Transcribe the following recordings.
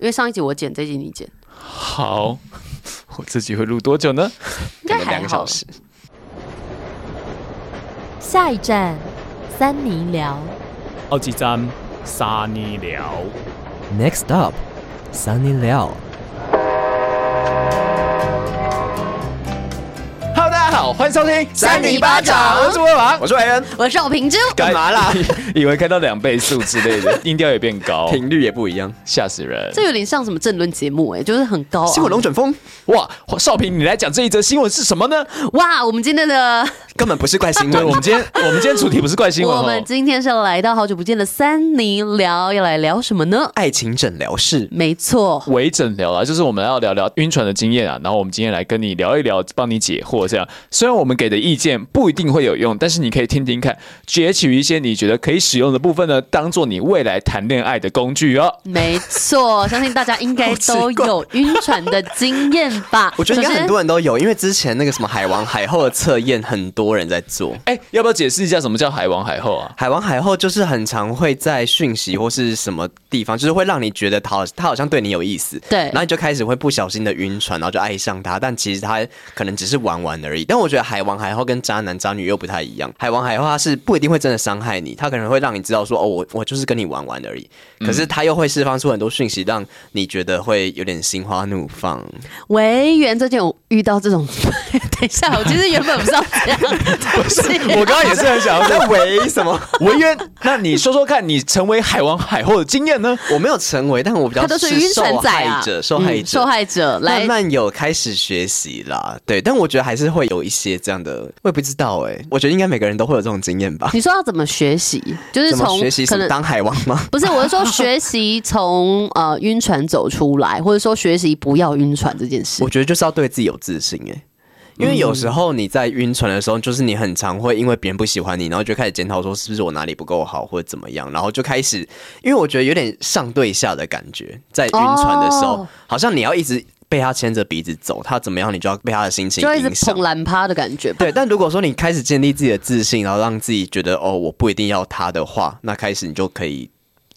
因為上一集我剪，這集你剪。好，我自己會錄多久呢？應該還好，兩個小時。下一站，三尼聊。奧吉站，三尼聊。Next up，三尼聊。好，歡迎收聽三尼巴掌，我是威王，我是萊恩，我是少平珠。幹嘛啦 以為開到兩倍速之類的， 音調也變高，頻率也不一樣，嚇死人！這有點像什麼政論節目哎、欸，就是很高。新聞龍捲風哇！少平，你來講這一則新聞是什麼呢？哇，我們今天的根本不是怪新聞， 我們今天我們今天主題不是怪新聞， 我們今天是要來到好久不見的三尼聊，要來聊什麼呢？愛情診療室，沒錯，微診療啊，就是我們要聊聊暈船的經驗啊。然後我們今天來跟你聊一聊，幫你解惑這樣。雖然我們給的意見不一定會有用，但是你可以聽聽看，截取一些你覺得可以使用的部分呢，當做你未來談戀愛的工具哦。沒錯，相信大家應該都有暈船的經驗吧？ 我覺得應該很多人都有，就是，因為之前那個什麼海王海後的測驗，很多人在做。哎，欸，要不要解釋一下什麼叫海王海後啊？海王海後就是很常會在訊息或是什麼地方，就是會讓你覺得他他好像對你有意思，對，然後你就開始會不小心的暈船，然後就愛上他，但其實他可能只是玩玩而已，但。我覺得海王海後跟渣男渣女，又不太一樣，海王海後他是不一定會真的傷害你，他可能會讓你知道說哦，我我就是跟你玩玩而已，可是他又會釋放出很多訊息，讓你覺得會有點心花怒放。喂、嗯，圓這件我遇到這種。 等一下，我其實原本不知道的 不是這樣， 我剛剛也是很想在為什麼因 為那你說說看，你成為海王海後的經驗呢？我沒有成為，但我比較是他都是暈船者，受害者，嗯、受害者來，慢慢有開始學習啦。對，但我覺得還是會有一些這樣的，我也不知道哎、欸。我覺得應該每個人都會有這種經驗吧？你說要怎麼學習？就是從學習什麼當海王嗎？不是，我是說學習從呃暈船走出來，或者說學習不要暈船這件事。我覺得就是要對自己有自信哎、欸。因為有時候你在暈船的時候，就是你很常會因為別人不喜歡你，然後就開始檢討說是不是我哪裡不夠好或者怎麼樣，然後就開始，因為我覺得有點上對下的感覺，在暈船的時候，好像你要一直被他牽着鼻子走，他怎麼樣你就要被他的心情影響，上爛趴的感覺。對，但如果說你開始建立自己的自信，然後讓自己覺得哦，我不一定要他的話，那開始你就可以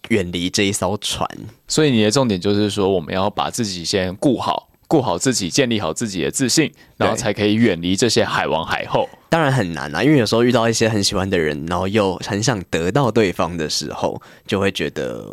遠離這一艘船。嗯。所以你的重點就是說，我們要把自己先顧好。顧好自己，建立好自己的自信，然後才可以遠離這些海王海後。當然很難啦、啊，因為有時候遇到一些很喜歡的人，然後又很想得到對方的時候，就會覺得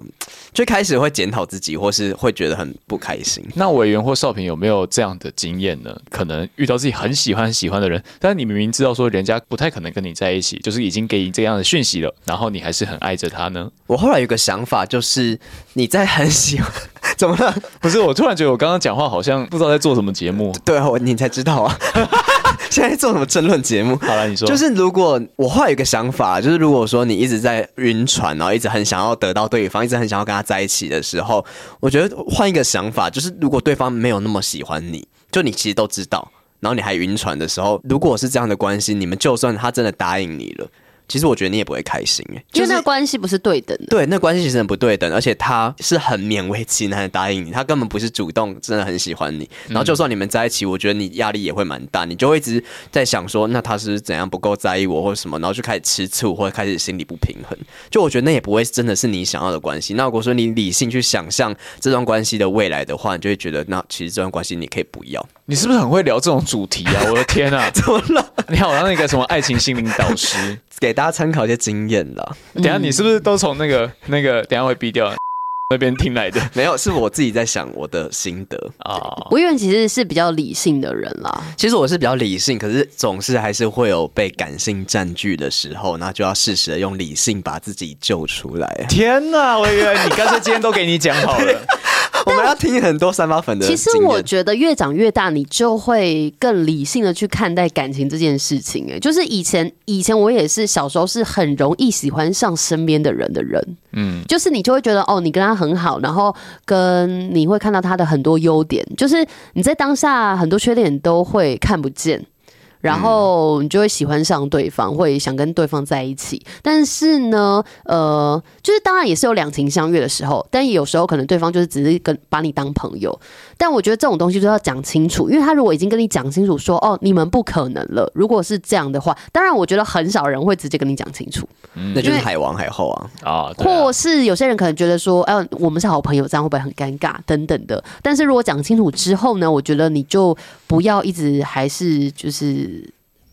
最開始會檢討自己，或是會覺得很不開心。那委員或少平有沒有這樣的經驗呢？可能遇到自己很喜歡很喜歡的人，但是你明明知道說人家不太可能跟你在一起，就是已經給你這樣的訊息了，然後你還是很愛着他呢？我後來有個想法，就是你在很喜歡 怎麼了？不是，我突然覺得我剛剛講話好像不知道在做什麼節目。 對啊，我你才知道啊。 現在做什麼政論節目？好了，你說，就是如果我後來有個想法，就是如果說你一直在暈船，然後一直很想要得到對方，一直很想要跟他在一起的時候，我覺得換一個想法，就是如果對方沒有那麼喜歡你，就你其實都知道，然後你還暈船的時候，如果是這樣的關係，你們就算他真的答應你了。.其實我覺得你也不會開心、欸，哎，因為那關係不是對等的。就是、對，那個、關係其實很不對等，而且他是很勉為其難的答應你，他根本不是主動，真的很喜歡你。然後就算你們在一起，嗯、我覺得你壓力也會蠻大，你就會一直在想說，那他是，是怎樣不夠在意我或者什麼，然後就開始吃醋或者開始心理不平衡。就我覺得那也不會真的是你想要的關係。那如果說你理性去想象這段關係的未來的話，你就會覺得，那其實這段關係你可以不要。你是不是很會聊這種主題啊？我的天吶、啊， 怎麼了？你好，我讓那個什麼愛情心靈導師，給大家參考一些經驗了、嗯。等一下你是不是都從那個那個等一下會逼掉 那邊聽來的？沒有，是我自己在想我的心得啊。我以、oh. 為其實是比較理性的人啦，其實我是比較理性，可是總是還是會有被感性占據的時候，那就要適時的用理性把自己救出來。天哪，我以為，你剛才今天都給你講好了。 我們要聽很多三八粉的。其實我覺得越長越大，你就會更理性的去看待感情這件事情。誒，就是以前以前我也是小時候是很容易喜歡上身邊的人的人，嗯，就是你就會覺得哦、喔，你跟他很好，然後跟你會看到他的很多優點，就是你在當下很多缺點都會看不見。然後你就會喜歡上對方，嗯，會想跟對方在一起。但是呢，呃，就是當然也是有兩情相悅的時候，但有時候可能對方就是只是跟把你當朋友。但我覺得這種東西都要講清楚，因為他如果已經跟你講清楚說，哦，你們不可能了。如果是這樣的話，當然我覺得很少人會直接跟你講清楚。嗯，那就是海王海後啊啊，或是有些人可能覺得說，哎，啊，我們是好朋友，這樣會不會很尷尬等等的。但是如果講清楚之後呢，我覺得你就不要一直還是就是。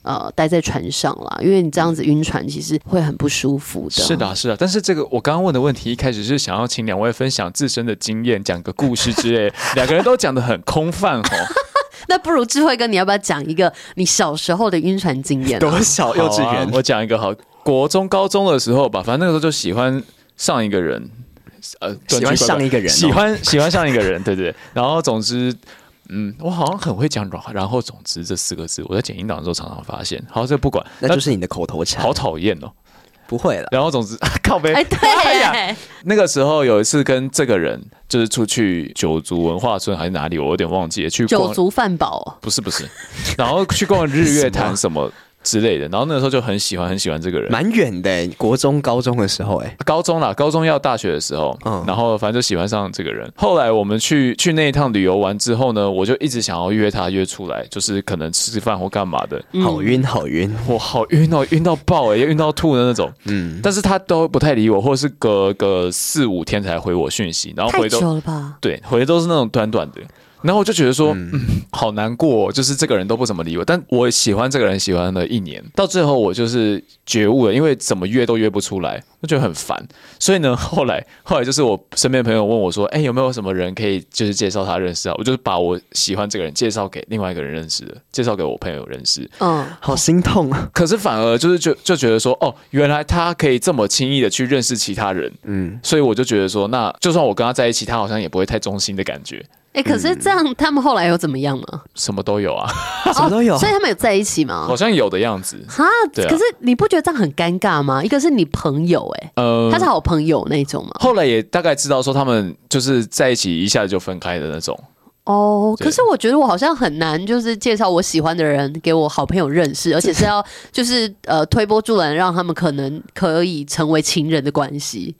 呃，待在船上了，因為你這樣子暈船，其實會很不舒服的，啊。是的、啊，是的、啊。但是這個我剛剛問的問題，一開始是想要請兩位分享自身的經驗，講個故事之類，兩 個人都講的很空泛哦。 那不如智慧哥，你要不要講一個你小時候的暈船經驗，啊？多小幼稚園，啊，我講一個好，國中高中的時候吧，反正那個時候就喜歡上一個人，呃，喜歡上一個人，哦，喜歡喜歡上一個人， 對，對對。然後總之。嗯，我好像很會講軟，然後總之這四個字，我在剪音檔的時候常常發現。好，這不管，那就是你的口頭禪，好討厭哦。不會了，然後總之、啊、靠杯、欸欸。哎，對呀，那個時候有一次跟這個人就是出去九族文化村還是哪裡，我有點忘記了。去九族飯堡。不是不是，然後去逛日月潭什麼什麼之類的，然後那個時候就很喜歡很喜歡這個人，蠻遠的，國中高中的時候哎、啊，高中啦，高中要大學的時候，嗯，然後反正就喜歡上這個人。後來我們去去那一趟旅遊完之後呢，我就一直想要約他約出來，就是可能吃飯或幹嘛的。好、嗯、暈，好暈，我好暈哦，暈到爆哎、欸，暈到吐的那種。嗯，但是他都不太理我，或者是隔個四五天才回我訊息，然後回都。太久了吧。對，回都是那種短短的。然後我就覺得說，嗯，嗯，好難過、哦，就是這個人都不怎麼理我。但我喜歡這個人，喜歡了一年，到最後我就是覺悟了，因為怎麼約都約不出來，我覺得很煩。所以呢，後來後來就是我身邊朋友問我說：“哎，有沒有什麼人可以就是介紹他認識啊？”我就是把我喜歡這個人介紹給另外一個人認識的，介紹給我朋友認識。嗯、哦，好心痛啊！可是反而就是就就覺得說，哦，原來他可以這麼輕易的去認識其他人。嗯，所以我就覺得說，那就算我跟他在一起，他好像也不會太忠心的感覺。哎、欸，可是這樣他們後來又怎麼樣呢？什麼都有啊，什麼都有。所以他們有在一起嗎？ 好像有的樣子。哈對、啊。可是你不覺得這樣很尷尬嗎？一個是你朋友、欸，哎，呃，他是好朋友那種嗎？後來也大概知道說他們就是在一起，一下子就分開的那種。哦，可是我覺得我好像很難，就是介紹我喜歡的人給我好朋友認識， 而且是要就是呃推波助瀾，讓他們可能可以成為情人的關係。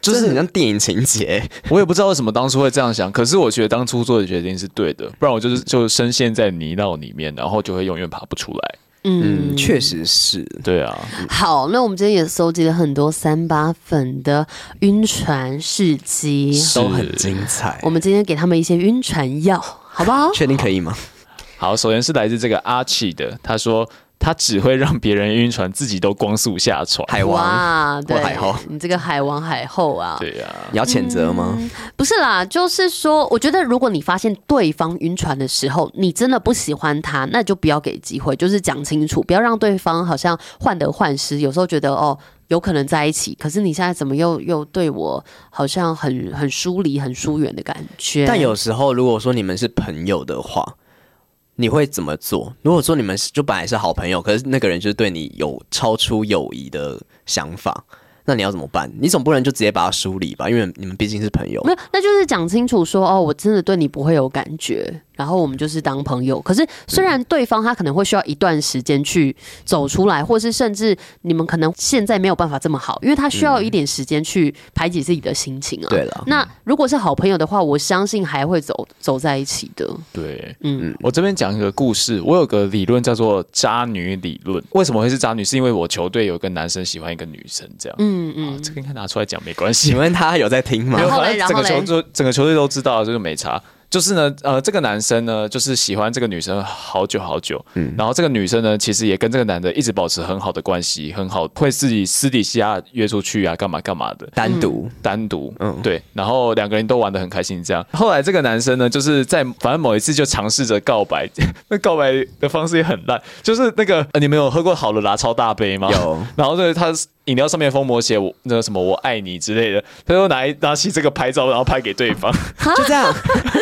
就是很像電影情節， 我也不知道為什麼當初會這樣想，可是我覺得當初做的決定是對的，不然我就是就深陷在泥淖裡面，然後就會永遠爬不出來。嗯，嗯，確實是，對啊。好，那我們今天也蒐集了很多三八粉的暈船事跡，都很精彩。我們今天給他們一些暈船藥，好不好？確定可以嗎？好，首先是來自這個阿奇的，他說。他只會讓別人暈船，自己都光速下船。海王或海後，你這個海王海後啊！對啊，你嗯，要譴責嗎？不是啦，就是說，我覺得如果你發現對方暈船的時候，你真的不喜歡他，那就不要給機會，就是講清楚，不要讓對方好像患得患失。有時候覺得哦，有可能在一起，可是你現在怎麼又又對我好像很很疏離、很疏遠的感覺？但有時候如果說你們是朋友的話。你會怎麼做？如果說你們就本來是好朋友，可是那個人就是對你有超出友誼的想法。那你要怎麼辦？你總不能就直接把它梳理吧，因為你們畢竟是朋友。沒有，那就是講清楚說哦，我真的對你不會有感覺，然後我們就是當朋友。可是雖然對方他可能會需要一段時間去走出來，嗯、或是甚至你們可能現在沒有辦法這麼好，因為他需要一點時間去排解自己的心情啊。對了，那如果是好朋友的話，我相信還會走走在一起的。對，嗯，我這邊講一個故事，我有個理論叫做“渣女理論”。為什麼會是渣女？是因為我球隊有一個男生喜歡一個女生，這樣。嗯嗯，啊、這個應該拿出來講沒關係。請問他有在聽嗎？有， 然後整個球整個球隊都知道了，這個沒差。就是呢，呃，這個男生呢，就是喜歡這個女生好久好久，嗯。然後這個女生呢，其實也跟這個男的一直保持很好的關係，很好，會自己私底下約出去啊，幹嘛幹嘛的，單獨、嗯、單獨，嗯，對。然後兩個人都玩得很開心，這樣。後來這個男生呢，就是在反正某一次就嘗試着告白， 那告白的方式也很爛，就是那個、呃、你們有喝過好的拿超大杯嗎？有。 然後就是他。飲料上面封膜寫我那個什麼我愛你之類的，他就拿拿起這個拍照，然後拍給對方，huh? 就這樣，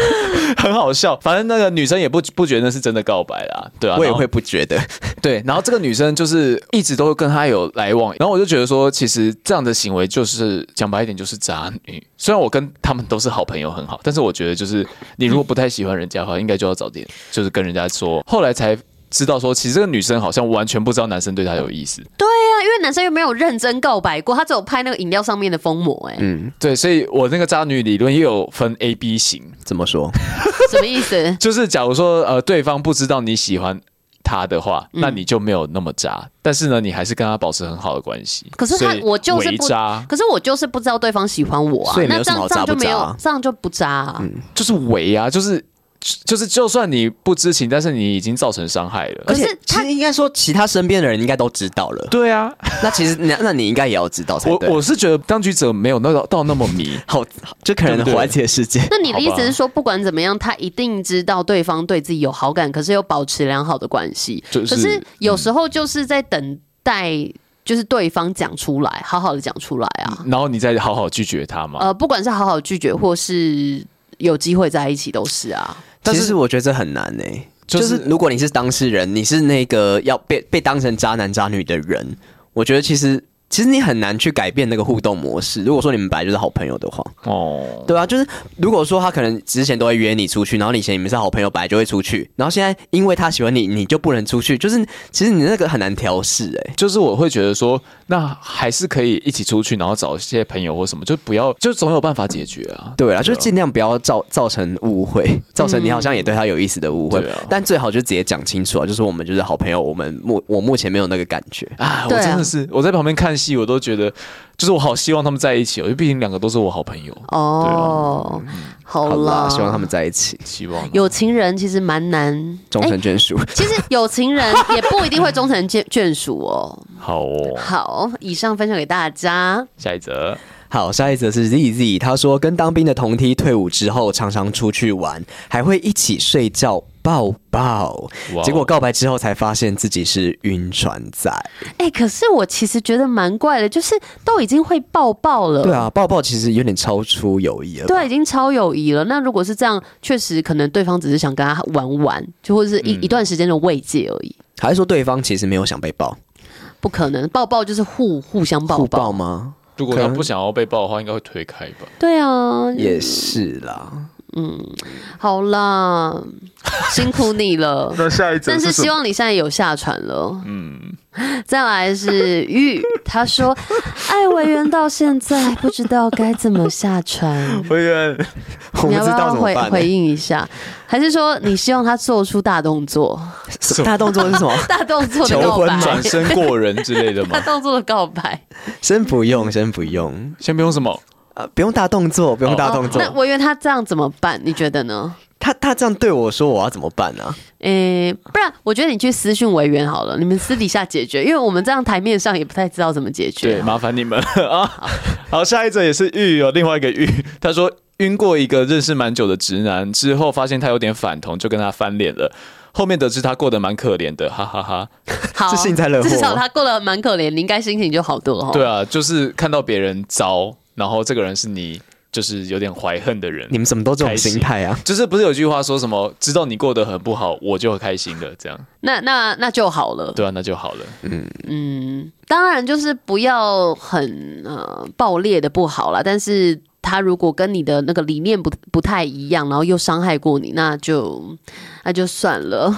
很好笑。反正那個女生也不不覺得那是真的告白啦，對啊，我也會不覺得。 對，然後這個女生就是一直都跟他有來往，然後我就覺得說，其實這樣的行為就是講白一點就是渣女。雖然我跟他們都是好朋友，很好，但是我覺得就是你如果不太喜歡人家的話，應該就要早點就是跟人家說。後來才。知道說，其實這個女生好像完全不知道男生對她有意思、嗯。對啊，因為男生又沒有認真告白過，他只有拍那個飲料上面的封膜。哎，嗯，對，所以我那個渣女理論又有分 A、B 型。怎麼說？ 什麼意思？就是假如說，呃，對方不知道你喜歡他的話，嗯、那你就沒有那麼渣。但是呢，你還是跟他保持很好的關係。可是他，我就是不渣。可是我就是不知道對方喜歡我啊。所以渣不渣、啊、那這樣就沒有，這樣就不渣、啊。嗯，就是微啊，就是。就是，就算你不知情，但是你已經造成傷害了。可是他應該說，其他身邊的人應該都知道了。對啊，那其實那那你應該也要知道才對。 我我是覺得當局者沒有那個到那麼迷，好，就可能緩解時間。那你的意思是說，不管怎麼樣，他一定知道對方對自己有好感，可是又保持良好的關係。可是有時候就是在等待，就是對方講出來，好好的講出來啊、嗯。然後你再好好拒絕他嘛。呃，不管是好好拒絕，或是有機會在一起，都是啊。但是我覺得這很難誒，欸，就是，就是如果你是當事人，你是那個要被被當成渣男渣女的人，我覺得其實。其實你很難去改變那個互動模式。如果說你們本來就是好朋友的話，哦，對啊，就是如果說他可能之前都會約你出去，然後以前你們是好朋友，本來就會出去，然後現在因為他喜歡你，你就不能出去。就是其實你那個很難調試。哎，就是我會覺得說，那還是可以一起出去，然後找一些朋友或什麼，就不要，就總有辦法解決啊。對，對啊，就是儘量不要造造成誤會，造成你好像也對他有意思的誤會，嗯對啊。但最好就直接講清楚啊，就是我們就是好朋友，我們目我目前沒有那個感覺啊。我真的是、啊、我在旁邊看。戲我都覺得，就是我好希望他們在一起，喔，因為畢竟兩個都是我好朋友哦，oh, 嗯。好啦，希望他們在一起。希望有情人其實蠻難終成眷屬。欸， 其實有情人也不一定會終成眷眷屬哦。 好哦，好，以上分享給大家。下一則，好，下一則是 Z Z，他說跟當兵的同梯，退伍之後常常出去玩，還會一起睡覺。抱抱，wow. 結果告白之後才發現自己是暈船仔。哎、欸，可是我其實覺得蠻怪的，就是都已經會抱抱了。對啊，抱抱其實有點超出友誼了。對、啊，已經超友誼了。那如果是這樣，確實可能對方只是想跟他玩玩，就或者是一、嗯、一段時間的慰藉而已。還是說對方其實沒有想被抱？不可能，抱抱就是互互相抱抱，互抱嗎？如果他不想要被抱的話，應該會推開吧？對啊、嗯，也是啦。嗯，好啦，辛苦你了。 那下一，但是希望你現在有下船了。嗯，再來是玉，他說：“愛委員到現在不知道該怎麼下船。”委員，你要不要回不、欸、回應一下？還是說你希望他做出大動作？大動作是什麼？ 大動作的告白求婚嗎？轉身過人之類的嗎？ 大動作的告白？先不用，先不用，先不用什麼？呃、啊，不用大動作，不用大動作。哦哦，那委員他這樣怎麼辦？你覺得呢？他他這樣對我說，我要怎麼辦呢，啊？誒、欸，不然我覺得你去私訊委員好了，你們私底下解決，因為我們這樣台面上也不太知道怎麼解決，啊。對，麻煩你們了啊。好。好，下一個也是玉，有另外一個玉，他說暈過一個認識蠻久的直男之後，發現他有點反同，就跟他翻臉了。後面得知他過得蠻可憐的，哈，哈哈哈。好，幸災樂禍。至少他過得蠻可憐，你應該心情就好多了，哦。對啊，就是看到別人糟。然後這個人是你，就是有點懷恨的人。你們怎麼都這種心態啊？就是不是有句話說什麼，知道你過得很不好，我就很開心的這樣。那那那就好了。對啊，那就好了。嗯嗯，當然就是不要很呃爆裂的不好啦，但是。他如果跟你的那個理念不不太一樣，然後又傷害過你，那就那就算了。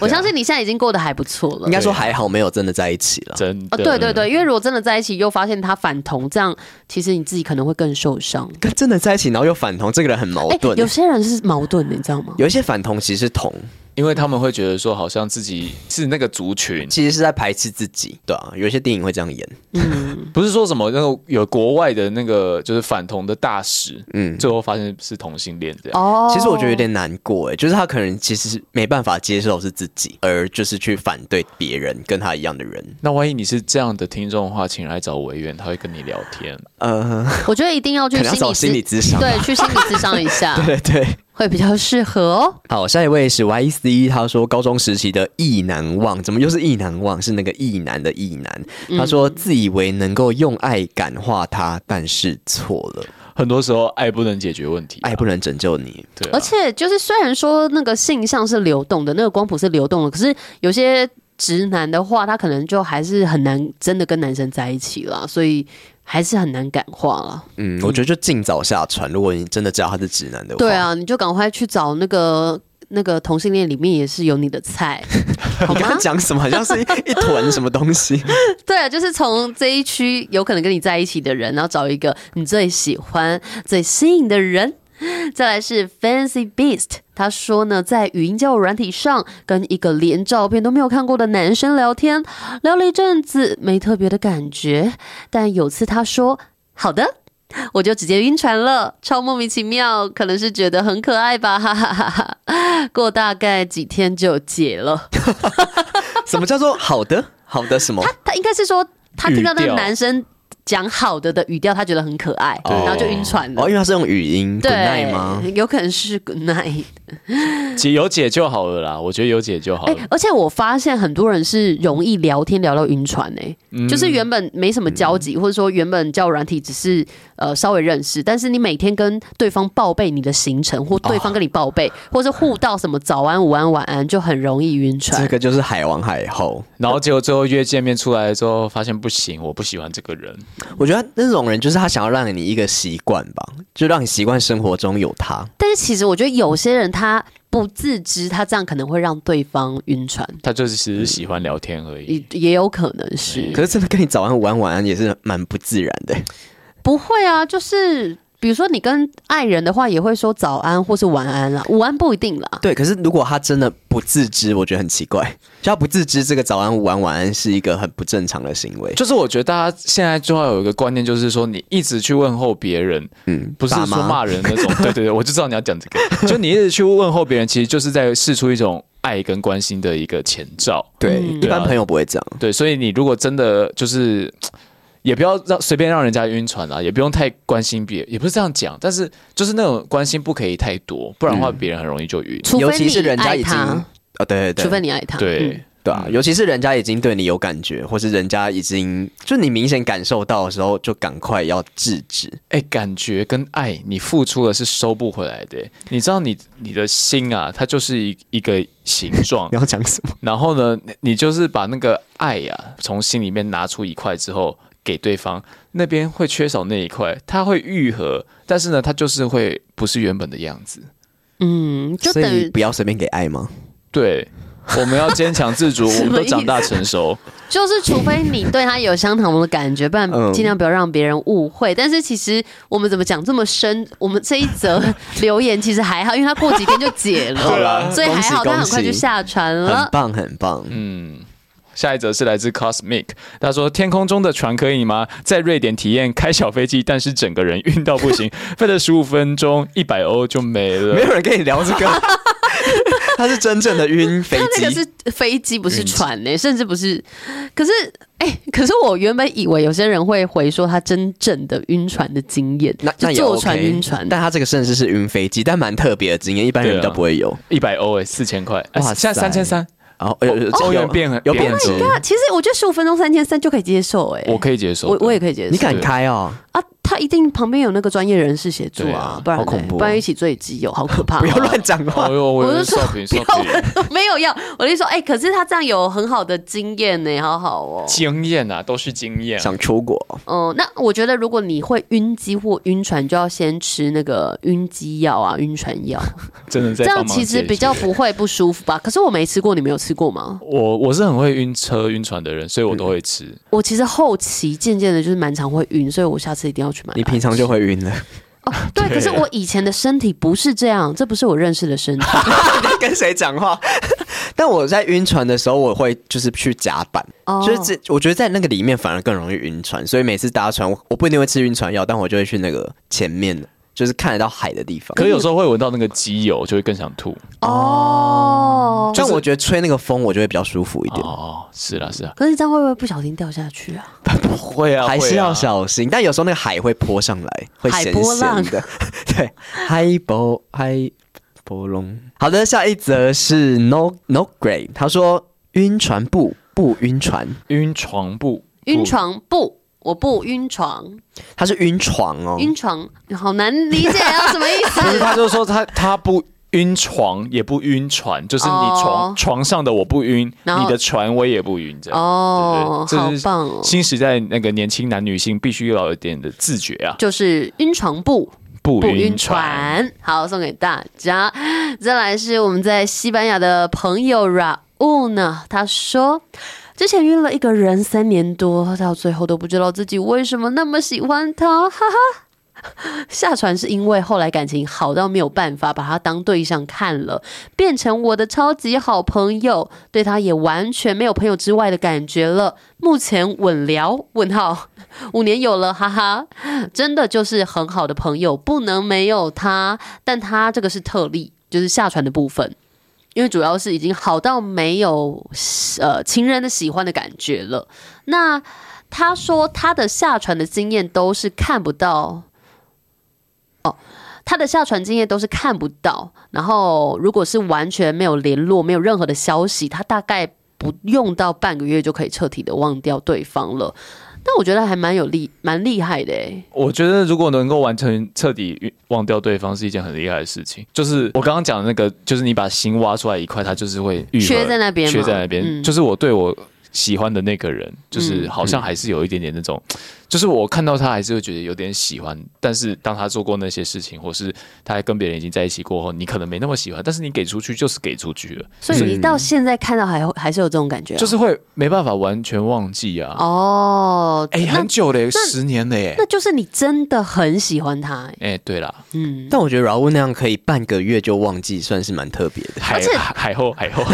我相信你現在已經過得還不錯了， 應該說還好，沒有真的在一起了。真的，對對對，因為如果真的在一起，又發現他反同，這樣其實你自己可能會更受傷。跟真的在一起，然後又反同，這個人很矛盾。欸，有些人是矛盾的欸，你知道嗎？有一些反同其實是同。因為他們會覺得說，好像自己是那個族群，其實是在排斥自己，對啊。有一些電影會這樣演，嗯， 不是說什麼，那個、個、有國外的那個就是反同的大使，嗯，最後發現是同性戀這樣。哦，其實我覺得有點難過，欸，哎，就是他可能其實沒辦法接受是自己，而就是去反對別人跟他一樣的人。那萬一你是這樣的聽眾的話，請來找委員，他會跟你聊天。嗯，呃，我覺得一定要去心理，要找心理諮商，對，去心理諮商一下。對對，對。 會比較適合哦。好，下一位是 YC，他說高中時期的異男忘，怎麼又是異男忘？是那個異男的異男、嗯。他說自以為能夠用愛感化他，但是錯了。很多時候，愛不能解決問題、啊，愛不能拯救你。對、啊，而且就是雖然說那個性向是流動的，那個光譜是流動的，可是有些直男的話，他可能就還是很難真的跟男生在一起了。所以。還是很難感化了啊。嗯，我覺得就儘早下船。如果你真的知道他是直男的話，對啊，你就趕快去找那個那個同性戀裡面也是有你的菜。你剛剛講什麼？好像是一一團什麼東西。對啊，就是從這一區有可能跟你在一起的人，然後找一個你最喜歡、最吸引的人。再來是 Fancy Beast。他說呢，在語音交友軟體上跟一個連照片都沒有看過的男生聊天，聊了一陣子，沒特別的感覺。但有次他說“好的”，我就直接暈船了，超莫名其妙，可能是覺得很可愛吧，哈哈哈哈。過大概幾天就結了，哈哈哈。什麼叫做“好的”？好的什麼？他他應該是說，他聽到那個男生。講好的的語調，他覺得很可愛，然後就暈船了。哦，因為他是用語音對 good night 嗎？有可能是 good night。解有解就好了啦，我覺得有解就好。欸，而且我發現很多人是容易聊天聊到暈船誒，欸嗯，就是原本沒什麼交集，嗯，或者說原本叫軟體只是呃稍微認識，但是你每天跟對方報備你的行程，或對方跟你報備，哦，或是互道什麼早安、午安、晚安，就很容易暈船。這個就是海王海後，然後結果最後約見面出來之後，發現不行，我不喜歡這個人。我覺得那種人就是他想要讓你一個習慣吧，就讓你習慣生活中有他。但是其實我覺得有些人他不自知，他這樣可能會讓對方暈船。嗯，他就是只是喜歡聊天而已。也有可能是。可是真的跟你早安、晚安也是蠻不自然的欸。不會啊，就是。比如說，你跟愛人的話，也會說早安或是晚安啦。午安不一定啦，對，可是如果他真的不自知，我覺得很奇怪。只要不自知，這個早安、午安、晚安是一個很不正常的行為。就是我覺得大家現在就要有一個觀念，就是說你一直去問候別人，嗯，不是說罵人那種。對對對，我就知道你要講這個。 就你一直去問候別人，其實就是在釋出一種愛跟關心的一個前兆。嗯、對、啊，一般朋友不會這樣。對，所以你如果真的就是。也不要讓隨便讓人家暈船啦、啊，也不用太關心別人，也不是這樣講，但是就是那種關心不可以太多，不然的話別人很容易就暈、嗯。尤其是人家已經啊，對對對，除非你愛他，對、嗯、對啊，尤其是人家已經對你有感覺，或是人家已經、嗯、就你明顯感受到的時候，就趕快要制止。哎、欸，感覺跟愛你付出的是收不回來的、欸，你知道你，你你的心啊，它就是一一個形狀。 你要講什麼？然後呢，你就是把那個愛呀、啊，從心裡面拿出一塊之後。給對方，那邊會缺少，那一塊，他會癒合，但是呢，他就是會不是原本的樣子。嗯，就等，所以不要隨便給愛嗎？對，我們要堅強自主， 我們都長大成熟。 就是除非你對他有相同的感覺，不然盡量不要讓別人誤會，嗯。但是其實我們怎麼講這麼深？我們這一則留言其實還好，因為他過幾天就解了， 好啦，所以還好，他很快就下船了，很棒，很棒。嗯。下一則是來自 Cosmic，他說：“天空中的船可以嗎？在瑞典體驗開小飛機，但是整個人暈到不行，費 了十五分鐘，一百歐就沒了。沒有人跟你聊這個， 他是真正的暈飛機。他那個是飛機，不是船、欸、甚至不是。可是，哎、欸，可是我原本以為有些人會回說他真正的暈船的經驗，那，那就坐船暈、okay, 船。但他這個甚至是暈飛機，但蠻特別的經驗，一般人都不會有。一百、啊、歐誒、欸，四千塊，哇，現在三千三。”哦，有、哦、變有變質其實我覺得十五分鐘三千三就可以接受哎、欸，我可以接受，我我也可以接受，你敢開哦、喔、啊，他一定旁邊有那個專業人士協助啊，啊，不然、欸好恐怖哦、不然一起墜機哦，好可怕， 不要亂講 哦我有，我就說沒有藥，我就說哎、欸，可是他這樣有很好的經驗呢、欸，好好哦，經驗啊，都是經驗，想出國哦、嗯，那我覺得如果你會暈機或暈船，就要先吃那個暈機藥啊、暈船藥，真的這樣其實比較不會不舒服吧？可是我沒吃過，你沒有吃過。過嗎？我我是很會暈車暈船的人，所以我都會吃。嗯、我其實後期漸漸的，就是蠻常會暈，所以我下次一定要去買。你平常就會暈了哦？對，對，可是我以前的身體不是這樣，這不是我認識的身體。 跟誰講講話？ 但我在暈船的時候，我會就是去甲板，oh. 就是這我覺得在那個裡面反而更容易暈船，所以每次搭船我我不一定會吃暈船藥，但我就會去那個前面的。就是看得到海的地方，可是有時候會聞到那個機油，就會更想吐哦。就是、但我覺得吹那個風，我就會比較舒服一點。哦，是啦是啦。可是這樣會不會不小心掉下去啊？ 不會啊，還是要小心。啊、但有時候那個海會潑上來，會鹹鹹的，海波浪。 對，海波，海波龍。好的，下一則是 No No Grade 他說暈船布不暈船，暈船布暈船布我不暈床，他是暈床哦。暈床，好難理解啊， 要什麼意思？其、嗯、他就說他他不暈床，也不暈船，就是你床、哦、床上的我不暈，你的船我也不暈，這樣。哦，好棒哦！新時代那個年輕男女性必須要有一點的自覺啊。就是暈床不不暈船，好送給大家。再來是我們在西班牙的朋友 Rauna 呢，他說。之前約了一個人三年多，到最後都不知道自己為什麼那麼喜歡他，哈哈。下船是因為後來感情好到沒有辦法把他當對象看了，變成我的超級好朋友，對他也完全沒有朋友之外的感覺了。目前穩聊，問號五年有了，哈哈，真的就是很好的朋友，不能沒有他。但他這個是特例，就是下船的部分。因為主要是已經好到沒有呃情人的喜歡的感覺了。那他說他的下船的經驗都是看不到，哦，他的下船經驗都是看不到。然後如果是完全沒有聯絡，沒有任何的消息，他大概不用到半個月就可以徹底的忘掉對方了。但我覺得還蠻有厲蠻厲害的誒、欸，我覺得如果能夠完成徹底忘掉對方，是一件很厲害的事情。就是我剛剛講的那個，就是你把心挖出來一塊，它就是會缺在那邊，缺在那邊、嗯。就是我對我。喜歡的那個人，就是好像還是有一點點那種、嗯，就是我看到他還是會覺得有點喜歡。但是當他做過那些事情，或是他還跟別人已經在一起過後，你可能沒那麼喜歡。但是你給出去就是給出去了，所以你到現在看到還是、嗯、還是有這種感覺、啊，就是會沒辦法完全忘記啊。哦，哎、欸，很久了，十年了耶，那就是你真的很喜歡他。哎、欸，對啦，嗯。但我覺得饒文那樣可以半個月就忘記，算是蠻特別的。海海後、海後。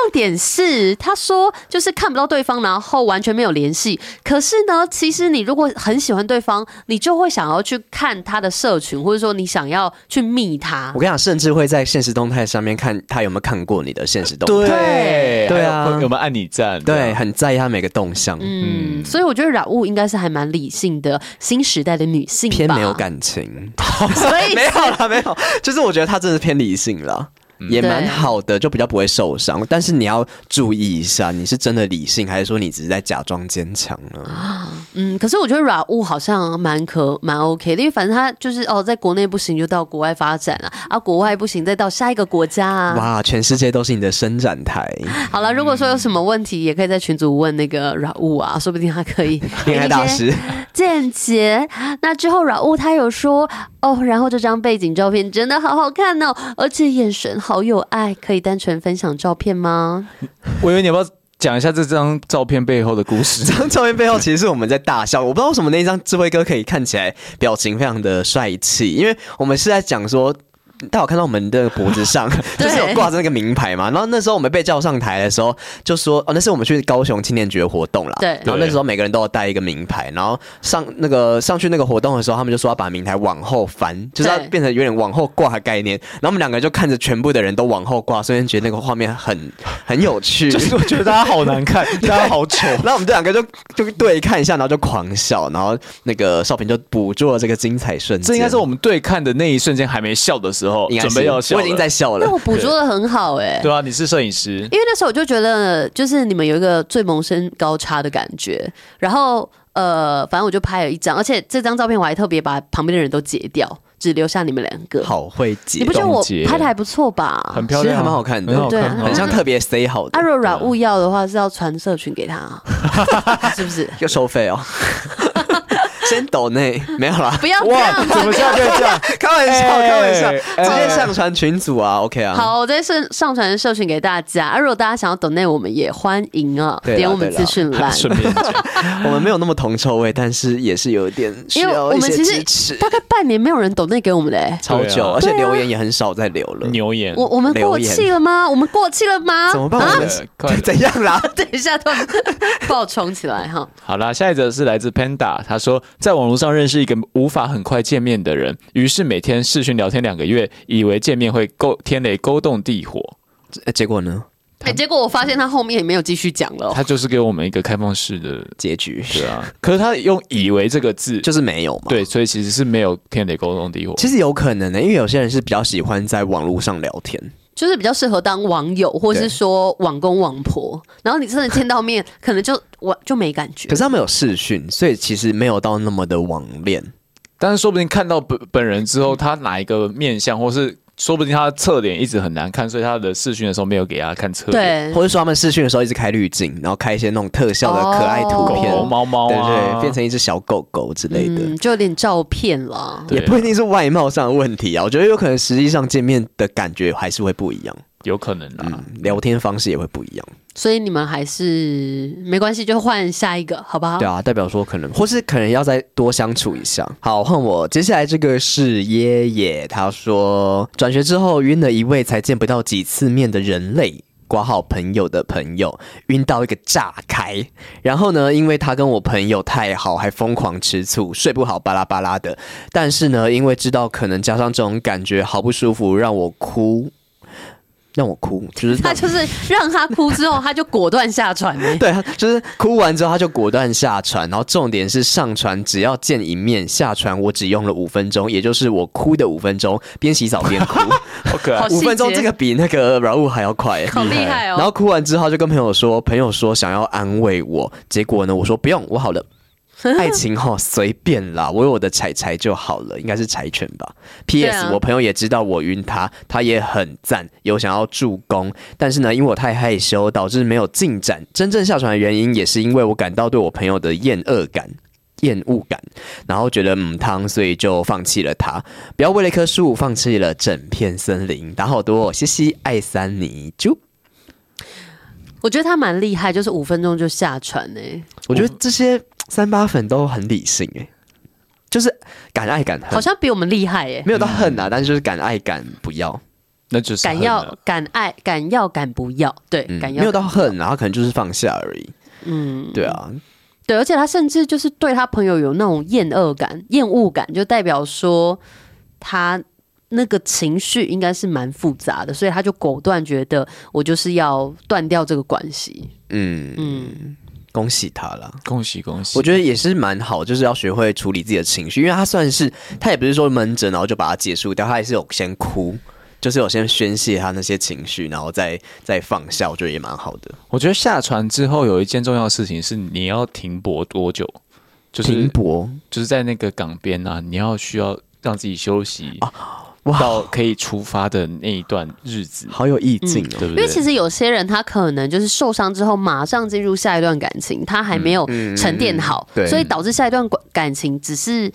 重點是，他說就是看不到對方，然後完全沒有聯繫。可是呢，其實你如果很喜歡對方，你就會想要去看他的社群，或者說你想要去密他。我跟你講，甚至會在現實動態上面看他有沒有看過你的現實動態。對對啊，有，朋友有沒有按你讚，對啊。對，很在意他每個動向。嗯，啊、所以我覺得染霧應該是還蠻理性的新時代的女性吧，偏沒有感情，所 以 沒有了，沒有。就是我覺得她真的是偏理性了。也蠻好的，就比較不會受傷，但是你要注意一下，你是真的理性，還是說你只是在假裝堅強呢？啊，嗯，可是我覺得軟物好像蠻可蠻 OK 的，因為反正他就是哦，在國內不行就到國外發展了、啊，啊，國外不行再到下一個國家啊，哇，全世界都是你的伸展台。嗯、好了，如果說有什麼問題，也可以在群組問那個軟物啊，說不定他可以戀愛大師間接。 okay, 天涯 那之後軟物他有說哦，然後這張背景照片真的好好看哦，而且眼神。好有愛，可以單純分享照片嗎？我以為你要不要講一下這張照片背後的故事。 這張照片背後其實是我們在大笑， 我不知道為什麼那一張智慧哥可以看起來表情非常的帥氣，因為我們是在講說。但我看到我們的脖子上就是有掛着那個名牌嘛，然後那時候我們被叫上台的時候就說哦，那是我們去高雄青年局的活動啦。對，然後那時候每個人都要帶一個名牌，然後上那個上去那個活動的時候，他們就說要把名牌往後翻，就是要變成有點往後掛的概念。然後我們兩個就看着全部的人都往後掛，所以覺得那個畫面很很有趣， 就是我覺得大家好難看， 大家好醜。然後我們這兩個就就對看一下，然後就狂笑，然後那個少平就捕捉了這個精彩瞬間。這應該是我們對看的那一瞬間還沒笑的時候。準備，我已經在笑了。那我捕捉的很好哎、欸，對啊，你是攝影師。因為那時候我就覺得，就是你們有一個最萌身高差的感覺。然後呃，反正我就拍了一張，而且這張照片我還特別把旁邊的人都截掉，只留下你們兩個。好會截，你不覺得我拍的還不錯吧？很漂亮，還蠻好看的，對，很像特別 C 好。阿若軟物要的話是要傳社群給他，是不是要 收費哦？先抖內沒有啦，不要這樣，怎麼這樣,這樣、哎？開玩笑，開玩笑。直接上傳群組啊、哎、，OK 啊。好，我再上上傳社群給大家啊。如果大家想要抖內，我們也歡迎啊，點我們資訊欄順便， 我們沒有那麼銅臭味，但是也是有一點需要一，因為我們其實大概半年沒有人抖內給我們嘞、欸，超久、啊，而且留言也很少再留了。留言、啊，我我們過氣了嗎？我們過氣了嗎？了嗎啊、怎麼辦？我 怎樣啦？ 等一下都爆衝起來哈。 好啦，下一則是來自 Panda，他說。在網絡上認識一個無法很快見面的人，於是每天視訊聊天兩個月，以為見面會勾天雷勾動地火，欸，結果呢？哎，欸，結果我發現他後面也沒有繼續講了。他就是給我們一個開放式的結局。是啊，可是他用“以為”這個字， 就是沒有嘛？對，所以其實是沒有天雷勾動地火。其實有可能的，欸，因為有些人是比較喜歡在網絡上聊天。就是比較適合當網友，或是說網公網婆，然後你真的見到面， 可能就我就沒感覺。可是他們有視訊，所以其實沒有到那麼的網戀，但是說不定看到本本人之後，他哪一個面相，或是。說不定他的側臉一直很難看，所以他的視訊的時候沒有給他看側臉，或者說他們視訊的時候一直開濾鏡，然後開一些那種特效的可愛圖片，貓、哦、貓對，對對，變成一隻小狗狗之類的，嗯、就有點照騙啦。也不一定是外貌上的問題啊，我覺得有可能實際上見面的感覺還是會不一樣。有可能的、嗯，聊天方式也會不一樣，嗯、所以你們還是沒關係，就換下一個，好不好？對啊，代表說可能，或是可能要再多相處一下。好，換我。接下來這個是耶耶，他說轉學之後，暈了一位才見不到幾次面的人類，括號朋友的朋友，暈到一個炸開。然後呢，因為他跟我朋友太好，還瘋狂吃醋，睡不好，巴拉巴拉的。但是呢，因為知道可能加上這種感覺好不舒服，讓我哭。讓我哭、就是，他就是讓他哭之後，他就果斷下船、欸、 對，就是哭完之後，他就果斷下船。然後重點是上船，只要見一面，下船我只用了五分鐘，也就是我哭的五分鐘，邊洗澡邊哭， okay. 好可愛。五分鐘，這個比那個軟物還要快，好厲害哦，厲害耶。然後哭完之後，就跟朋友說，朋友說想要安慰我，結果呢，我說不用，我好了。 愛情齁隨便啦，我有我的柴柴就好了，應該是柴犬吧、啊。P.S. 我朋友也知道我暈他，他也很贊，有想要助攻，但是呢，因為我太害羞，導致沒有進展。真正下船的原因也是因為我感到對我朋友的厭惡感、厭惡感，然後覺得母湯，所以就放棄了他。不要為了一棵樹放棄了整片森林。打好多，謝謝愛三尼啾。就我覺得他蠻厲害，就是五分鐘就下船呢、欸。我覺得這些。三八粉都很理性哎、欸，就是敢愛敢恨，好像比我們厲害哎、欸嗯。沒有到恨啊，但是就是敢愛敢不要、嗯，那就是敢要敢愛敢要敢不要，對、嗯，敢，要，敢要沒有到恨，然後可能就是放下而已。嗯，對啊，對，而且他甚至就是對他朋友有那種厭惡感、厭惡感，就代表說他那個情緒應該是蠻複雜的，所以他就果斷覺得我就是要斷掉這個關係。嗯嗯。恭喜他了，恭喜恭喜！我覺得也是蠻好，就是要學會處理自己的情緒，因為他算是他也不是說悶著，然後就把它結束掉，他也是有先哭，就是有先宣洩他那些情緒，然後再再放下，我覺得也蠻好的。我覺得下船之後有一件重要的事情是你要停泊多久，就是停泊，就是在那個港邊啊，你要需要讓自己休息。哦到可以出發的那一段日子，好有意境哦，嗯，對不對？因為其實有些人他可能就是受傷之後，馬上進入下一段感情，他還沒有沉澱好，嗯嗯，對。所以導致下一段感情只是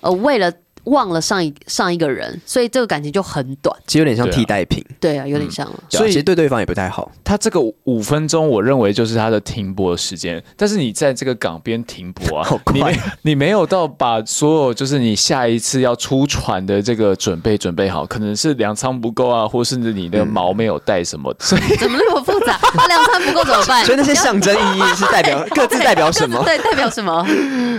呃為了。忘了上一上一個人，所以這個感情就很短，其實有點像替代品。對啊，對啊有點像了、啊啊。所以，所以其實對對方也不太好。他這個五分鐘，我認為就是他的停泊時間。但是你在這個港邊停泊啊，好快，你沒有到把所有就是你下一次要出船的這個準備準備好，可能是糧倉不夠啊，或是甚至你的毛沒有帶什麼、嗯。所以怎麼那麼複雜？糧 倉、啊、不夠怎麼辦？所以那些象徵意義是代表 各自代表什麼？對，對，代表什麼？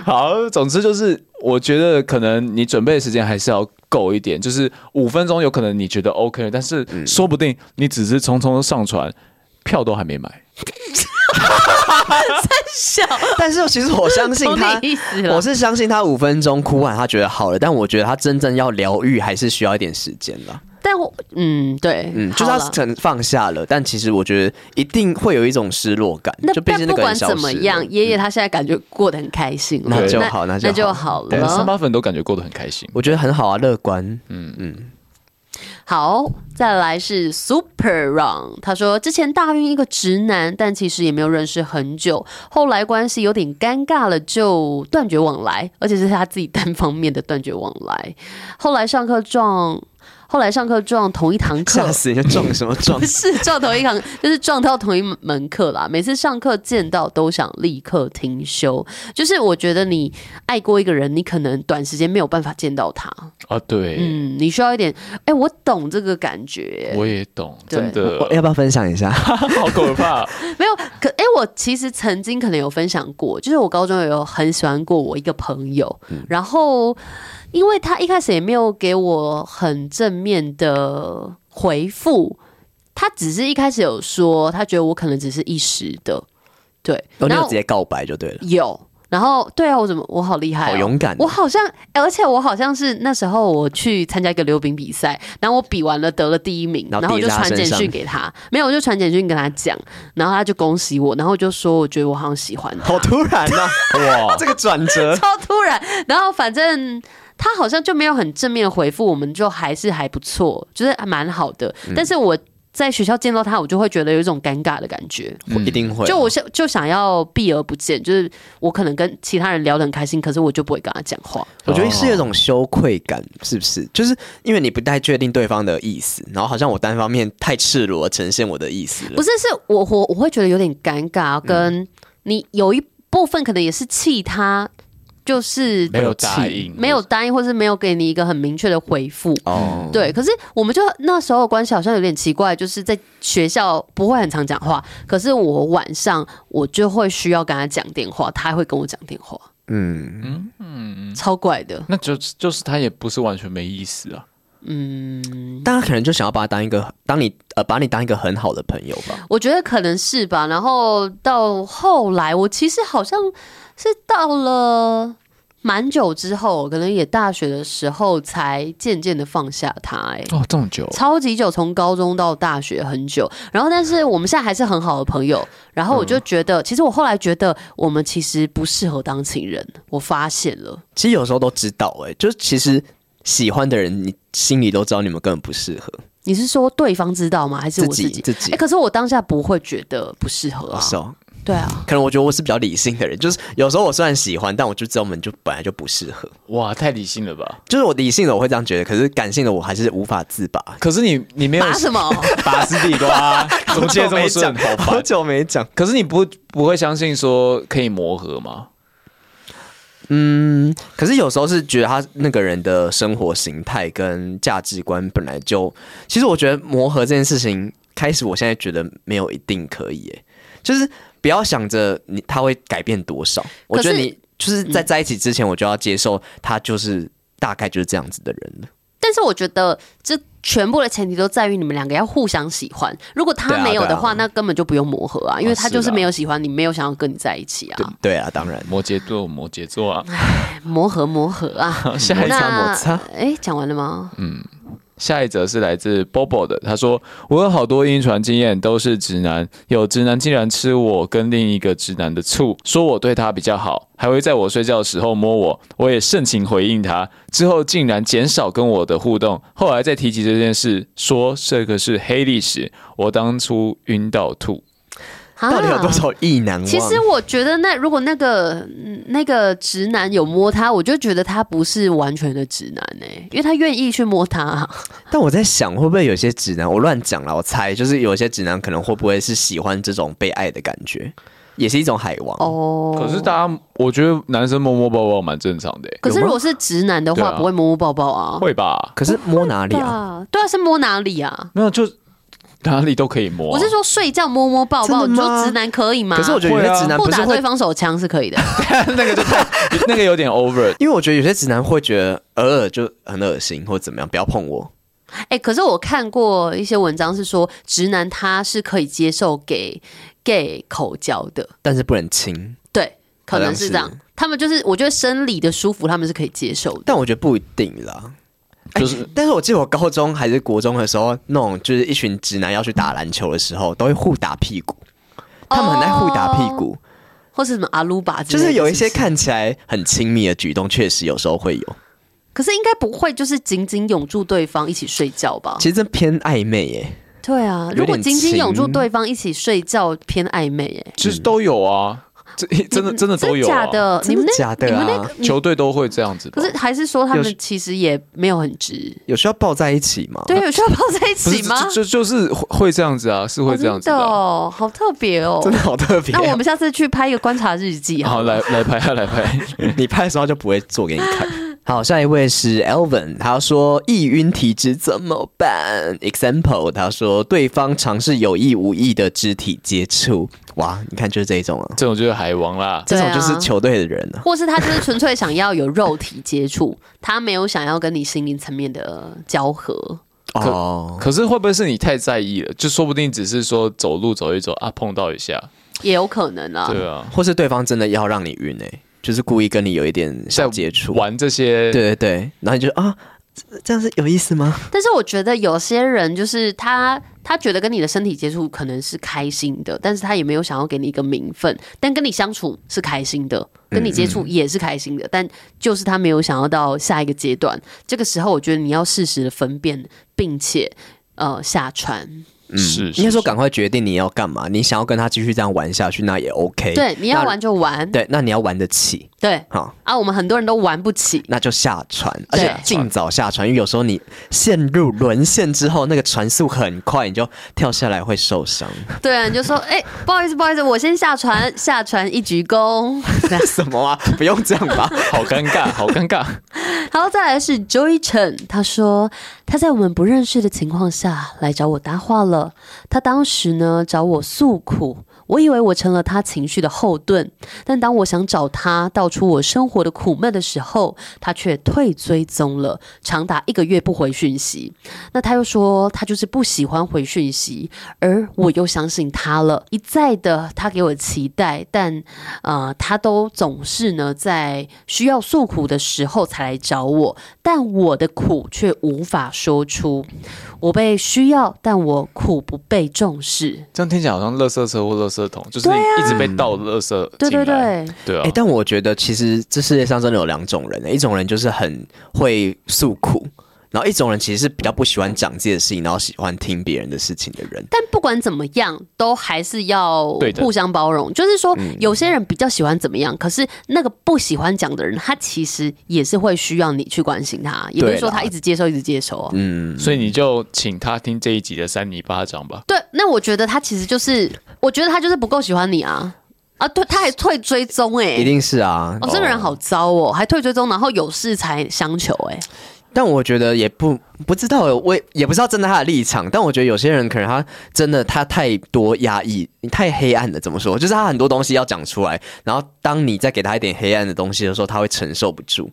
好，總之就是我覺得可能你準備。時間還是要夠一點，就是五分鐘，有可能你覺得 OK，但是說不定你只是匆匆上船，票都還沒買。真笑！， 但是其實我相信他，我是相信他五分鐘哭完他覺得好了，但我覺得他真正要療癒還是需要一點時間的。但我嗯對，嗯，就是他曾放下了，但其實我覺得一定會有一種失落感。那,就那個失了不管怎麼樣，爺爺他現在感覺過得很開心、嗯，那就好，那就好,那那就好了對對。三八粉都感覺過得很開心，我覺得很好啊，樂觀。嗯嗯，好，再來是 Super wrong 他說之前暈船一個直男，但其實也沒有認識很久，後來關係有點尷尬了，就斷絕往來，而且是他自己單方面的斷絕往來。後來上課撞。後來上課撞同一堂課，嚇死人！你撞什麼撞？ 不是撞同一堂，就是撞到同一門課啦。每次上課見到都想立刻停修。就是我覺得你愛過一個人，你可能短時間沒有辦法見到他啊。對，嗯，你需要一點。哎、欸，我懂這個感覺，我也懂。真的，要不要分享一下？ 好可怕！ 沒有可哎、欸，我其實曾經可能有分享過，就是我高中有很喜歡過我一個朋友，嗯、然後。因為他一開始也沒有給我很正面的回復，他只是一開始有說他覺得我可能只是一時的，對，哦、然後沒有直接告白就對了。有，然後對啊，我怎麼我好厲害、啊，好勇敢，我好像、欸，而且我好像是那時候我去參加一個溜冰比賽，然後我比完了得了第一名，然後我就傳簡訊給他，他沒有我就傳簡訊跟他講，然後他就恭喜我，然後就說我覺得我好像喜歡他，好突然呢、啊，哇，這個轉折超突然，然後反正。他好像就沒有很正面回覆，我們就還是還不錯，就是還蠻好的。但是我在學校見到他，我就會覺得有一種尷尬的感覺，我一定會。就我就想，嗯、就，我就想要避而不見。就是我可能跟其他人聊得很開心，可是我就不會跟他講話。我覺得是有一種羞愧感，是不是？就是因為你不太確定對方的意思，然後好像我單方面太赤裸呈現我的意思。不是，是我我我會覺得有點尷尬，跟你有一部分可能也是氣他。就是沒有答應，沒有答應，或是沒有給你一個很明確的回復。哦，對，可是我們就那時候的關係好像有點奇怪，就是在學校不會很常講話，可是我晚上我就會需要跟他講電話，他還會跟我講電話。嗯嗯嗯，超怪的。那就就是他也不是完全沒意思啊。嗯，但他可能就想要把他當一個，當你呃把你當一個很好的朋友吧。我覺得可能是吧。然後到後來，我其實好像。是到了蠻久之後，可能也大學的時候才漸漸的放下他、欸。哎，哦，這麼久，超級久，從高中到大學很久。然後，但是我們現在還是很好的朋友。然後，我就覺得、嗯，其實我後來覺得我們其實不適合當情人。我發現了，其實有時候都知道、欸，哎，就其實喜歡的人，你心裡都知道你們根本不適合。你是說對方知道嗎？還是我自己自己？哎、欸，可是我當下不會覺得不適合啊。哦對啊，可能我覺得我是比較理性的人，就是有時候我雖然喜歡，但我就知道我們就本來就不適合。哇，太理性了吧？就是我理性的我會這樣覺得，可是感性的我還是無法自拔。可是你你沒有拔什麼？拔絲地瓜，怎麼結這麼順？好久沒講，可是你不不會相信說可以磨合嗎？嗯，可是有時候是覺得他那個人的生活型態跟價值觀本來就……其實我覺得磨合這件事情，開始我現在覺得沒有一定可以，欸，就是。不要想着你他會改變多少，我覺得你就是在在一起之前我就要接受他就是大概就是這樣子的人了。嗯、但是我覺得這全部的前提都在於你們兩個要互相喜歡，如果他沒有的話，對啊對啊，那根本就不用磨合啊。啊，因為他就是沒有喜歡、嗯、你，沒有想要跟你在一起啊。對，對啊，當然摩羯座摩羯座啊，磨合磨合啊，下一場摩擦，哎，講、欸、完了嗎？嗯。下一則是來自 Bobo 的，他說：“我有好多暈船經驗，都是直男。有直男竟然吃我跟另一個直男的醋，說我對他比較好，還會在我睡覺的時候摸我。我也盛情回應他，之後竟然減少跟我的互動。後來再提起這件事，說這個是黑歷史。我當初暈到吐。”啊、到底有多少異男？其實我覺得那，那如果那個那個直男有摸他，我就覺得他不是完全的直男誒、欸，因為他願意去摸他、啊。但我在想，會不會有些直男？我亂講了，我猜就是有些直男可能會不會是喜歡這種被愛的感覺，也是一種海王哦。可是大家，我覺得男生摸摸抱抱蠻正常的、欸。可是如果是直男的話，啊、不會摸摸抱抱啊？會吧？可是摸哪裡啊？對啊，是摸哪裡啊？沒有就。哪裡都可以摸、啊。我是說睡覺摸摸抱抱，你說直男可以嗎？可是我覺得有些直男，不，對、啊、不打對方手槍是可以的， 那個就那個有點 over。 因為我覺得有些直男會覺得偶爾、呃、就很噁心或者怎麼樣，不要碰我。哎、欸，可是我看過一些文章是說直男他是可以接受給 gay 口交的，但是不能親。對，可能是這樣是。他們就是我覺得生理的舒服，他們是可以接受。的。但我覺得不一定啦。就、欸、是，但是我記得我高中還是國中的時候，那種就是一群直男要去打籃球的時候，都會互打屁股，他們很愛互打屁股，或是什麼阿魯巴，就是有一些看起來很親密的舉動，確、嗯、實有時候會有。可是應該不會，就是緊緊擁住對方一起睡覺吧？其實這偏曖昧耶、欸。對啊，如果緊緊擁住對方一起睡覺偏曖、欸，偏曖昧耶。其、就、實、是、都有啊。真的真的，真的都有、啊、的假，的的假的，你們那假的啊？球隊都會這樣子。可是還是說他們其實也沒有很直，有需要抱在一起嗎？ 對，有需要抱在一起嗎？就就，就是會這樣子啊，是會這樣子的、啊哦真的哦，好特別哦，真的好特別、啊。那我們下次去拍一個觀察日記好好， 好來來拍來拍。來拍 你拍的時候就不會做給你看。 好，下一位是 Elvin，他說易暈體質怎麼辦？Example，他說對方嘗試有意無意的肢體接觸。哇，你看就是這一種啊，這種就是海王啦，這種就是球隊的人了、啊啊，或是他就是純粹想要有肉體接觸， 他沒有想要跟你心靈層面的交合哦。可是會不會是你太在意了？就說不定只是說走路走一走啊，碰到一下也有可能啊。對啊，或是對方真的要讓你暈呢、欸，就是故意跟你有一點像接觸玩這些，對對對，然後你就啊。這樣子有意思嗎？但是我覺得有些人就是他，他覺得跟你的身體接觸可能是開心的，但是他也沒有想要給你一個名分。但跟你相處是開心的，跟你接觸也是開心的嗯嗯，但就是他沒有想要到下一個階段。這個時候，我覺得你要適時的分辨，並且呃下船。嗯，是應該說趕快決定你要幹嘛。你想要跟他繼續這樣玩下去，那也 OK。對，你要玩就玩。對，那你要玩得起。對，好、哦、啊，我們很多人都玩不起，那就下船，而且盡早下船，因為有時候你陷入淪陷之後，那個船速很快，你就跳下來會受傷。對啊，你就說，哎、 欸，不好意思，不好意思，我先下船，下船一鞠躬， 什麼啊，不用這樣吧，好尷尬，好尷尬。 好，再來是周 e n 他說他在我們不認識的情況下來找我搭話了，他當時呢找我訴苦。我以為我成了他情緒的後盾，但當我想找他道出我生活的苦悶的時候，他卻退追蹤了，長達一個月不回訊息。那他又說他就是不喜歡回訊息，而我又相信他了，一再的他給我期待，但呃，他都總是呢在需要訴苦的時候才來找我，但我的苦卻無法說出。我被需要，但我苦不被重視。這樣聽起來好像垃圾車或垃圾桶，就是一直被倒垃圾。嗯，對對對，對啊。欸，但我覺得其實這世界上真的有兩種人，一種人就是很會訴苦。然後一種人其實是比較不喜歡講這件事情，然後喜歡聽別人的事情的人。但不管怎麼樣，都還是要互相包容。就是說、嗯，有些人比較喜歡怎麼樣，可是那個不喜歡講的人，他其實也是會需要你去關心他。也不是說他一直接受，啊、一直接受、啊。嗯，所以你就請他聽這一集的三尼巴掌吧。對，那我覺得他其實就是，我覺得他就是不夠喜歡你啊啊！對，他還退追蹤哎、欸，一定是啊！哦、嗯，這個人好糟哦，還退追蹤，然後有事才相求哎、欸。但我覺得也不不知道為也不知道站在他的立場，但我覺得有些人可能他真的他太多壓抑，太黑暗了。怎麼說？就是他很多東西要講出來，然後當你再給他一點黑暗的東西的時候，他會承受不住。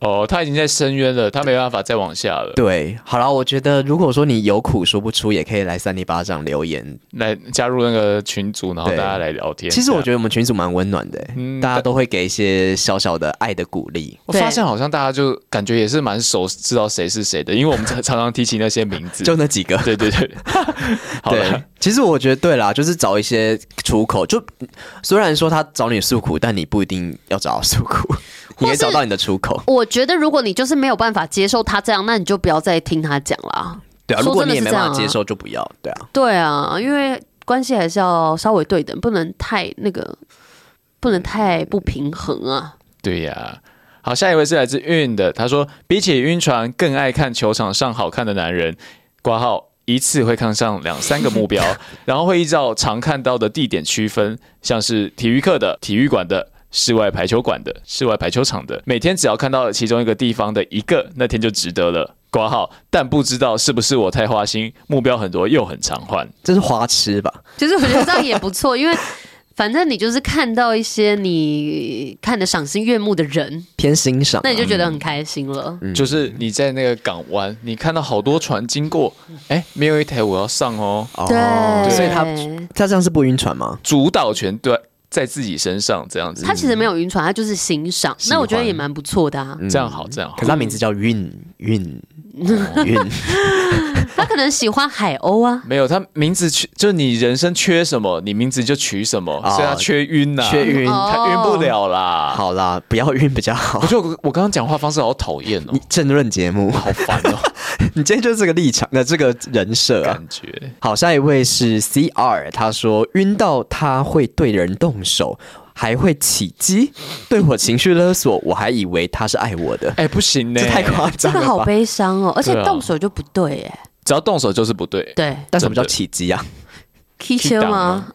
哦，他已經在深淵了，他沒辦法再往下了。對，好了，我覺得如果說你有苦說不出，也可以來三尼巴掌，留言，來加入那個群組，然後大家來聊天。其實我覺得我們群組蠻溫暖的、嗯，大家都會給一些小小的愛的鼓勵。我發現好像大家就感覺也是蠻熟，知道誰是誰的，因為我們常常提起那些名字， 就那幾個。對對對， 好啦對。其實我覺得對啦，就是找一些出口。就雖然說他找你訴苦，但你不一定要找他訴苦，你也找到你的出口。覺得如果你就是沒有辦法接受他這樣，那你就不要再聽他講啦。對啊,啊，如果你也沒辦法接受，就不要。對啊，對啊，因為關係還是要稍微對等，不能太那個，不能太不平衡啊。對呀、啊。好，下一位是來自韻的，他說比起暈船，更愛看球場上好看的男人。掛號一次會看上兩三個目標， 然後會依照常看到的地點區分，像是體育課的、體育館的。室外排球館的，室外排球場的，每天只要看到其中一個地方的一個，那天就值得了，掛號，但不知道是不是我太花心，目標很多又很常換，這是花痴吧？就是我覺得這樣也不錯， 因為反正你就是看到一些你看得賞心悅目的人， 偏欣賞、啊，那你就覺得很開心了。嗯、就是你在那個港灣，你看到好多船經過，誒、嗯欸，沒有一台我要上哦、喔。對，所以他他這樣是不暈船嗎？主導權。對。在自己身上這樣子，他其實沒有暈船，他就是欣賞、嗯。那我覺得也蠻不錯的啊、嗯。這樣好，這樣好。可是他名字叫暈暈。暈， 哦、 他可能喜歡海鷗啊。 沒有，他名字缺，就你人生缺什麼，你名字就取什麼。哦、所以他缺暈啊，缺暈、哦，他暈不了啦。好啦，不要暈比較好。 我覺得我剛剛講話方式好討厭哦。你政論節目 好煩煩哦、喔。 你今天就是這個立場，那、呃、這個人設、啊、感覺。好，下一位是 C R，他說暈到他會對人動手。還會起雞對我情緒勒索，我還以為他是愛我的。哎、欸，不行呢、欸，太誇張了。這、那個好悲傷哦，而且動手就不對哎、欸啊。只要動手就是不對。對，但是什麼叫起雞啊？ 起乩嗎？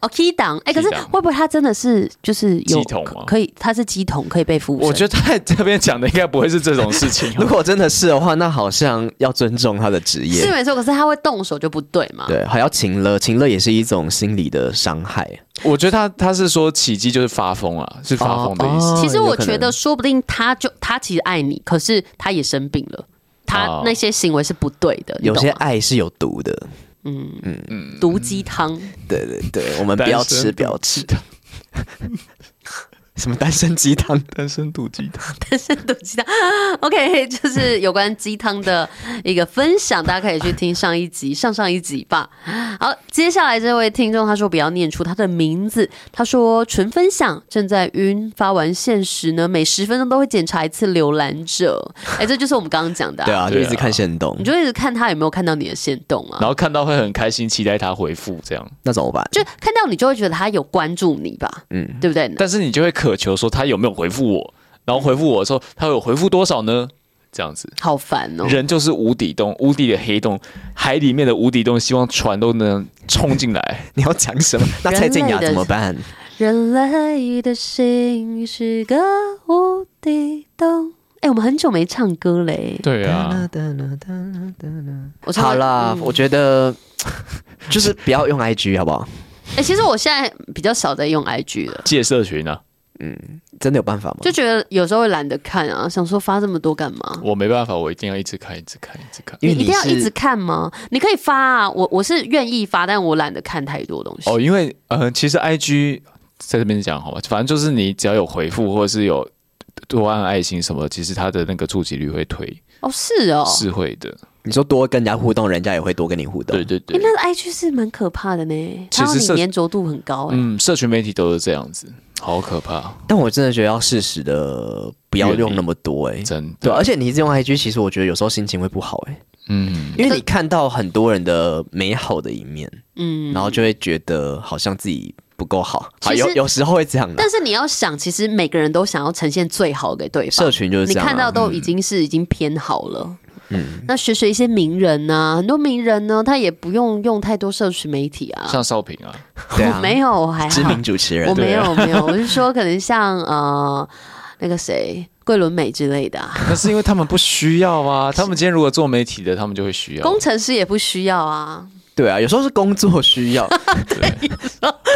哦，起乩。哎、欸，可是會不會他真的是就是有可以？他是乩童，可以被附身？我覺得他在這邊講的應該不會是這種事情。 如果真的是的話，那好像要尊重他的職業。是沒錯，可是他會動手就不對嘛？對，還要情勒情勒也是一種心理的傷害。我覺得他他是說起乩就是發瘋啊，是發瘋的意思、哦哦。其實我覺得說不定他就他其實愛你，可是他也生病了，哦、他那些行為是不對的。有些愛是有毒的。嗯嗯嗯，毒雞湯。嗯，對對對，我們不要吃，不要吃。 什麼單身雞湯？ 單身毒雞湯？單身毒雞湯？OK，就是有關雞湯的一個分享， 大家可以去聽上一集、上上一集吧。好，接下來這位聽眾他說不要念出他的名字，他說純分享，正在暈，發完限時呢，每十分鐘都會檢查一次瀏覽者。哎、欸，這就是我們剛剛講的、啊。 對啊，就一直看限動，你就一直看他有沒有看到你的限動啊。然後看到會很開心，期待他回覆這樣。那怎麼辦？就看到你就會覺得他有關注你吧？嗯，對不對？但是你就會。渴求說他有沒有回復我，然後回復我的時候，他有回復多少呢？這樣子好煩哦、喔！人就是無底洞，無底的黑洞，海裡面的無底洞，希望船都能衝進來。 你要講什麼？的那蔡健雅怎麼辦？人類的心是個無底洞。哎、欸，我們很久沒唱歌嘞。對啊。我好啦、嗯，我覺得就是不要用 IG 好不好？哎、欸，其實我現在比較少在用 IG 了，借社群啊。嗯，真的有辦法嗎？就覺得有時候會懶得看啊，想說發這麼多幹嘛？我沒辦法，我一定要一直看，一直看，一直看。你一定要一直看嗎？你可以發啊，我我是願意發，但我懶得看太多東西。哦，因為呃，其實 IG 在這邊講好吧，反正就是你只要有回復或者是有多按愛心什麼，其實它的那個觸及率會推。哦，是哦，是會的。你說多跟人家互動、嗯，人家也會多跟你互動。對對對。哎、欸，那 IG 是蠻可怕的呢，其實你粘着度很高。嗯，社群媒體都是這樣子。好可怕！但我真的覺得要適時的不要用那麼多哎、欸，真的對。而且你一直用 IG，其實我覺得有時候心情會不好哎、欸，嗯，因為你看到很多人的美好的一面，嗯，然後就會覺得好像自己不夠好，好，其有，有時候會這樣。但是你要想，其實每個人都想要呈現最好給對方，社群就是這樣、啊，你看到都已經是、嗯、已經偏好了。嗯，那學學一些名人呢、啊、很多名人呢，他也不用用太多社群媒體啊，像少平啊，啊啊我沒有，我還知名主持人，我沒有 沒有，我是說可能像呃那個誰桂綸鎂之類的，可是因為他們不需要啊， 他們今天如果做媒體的，他們就會需要，工程師也不需要啊。對啊，有時候是工作需要， 對，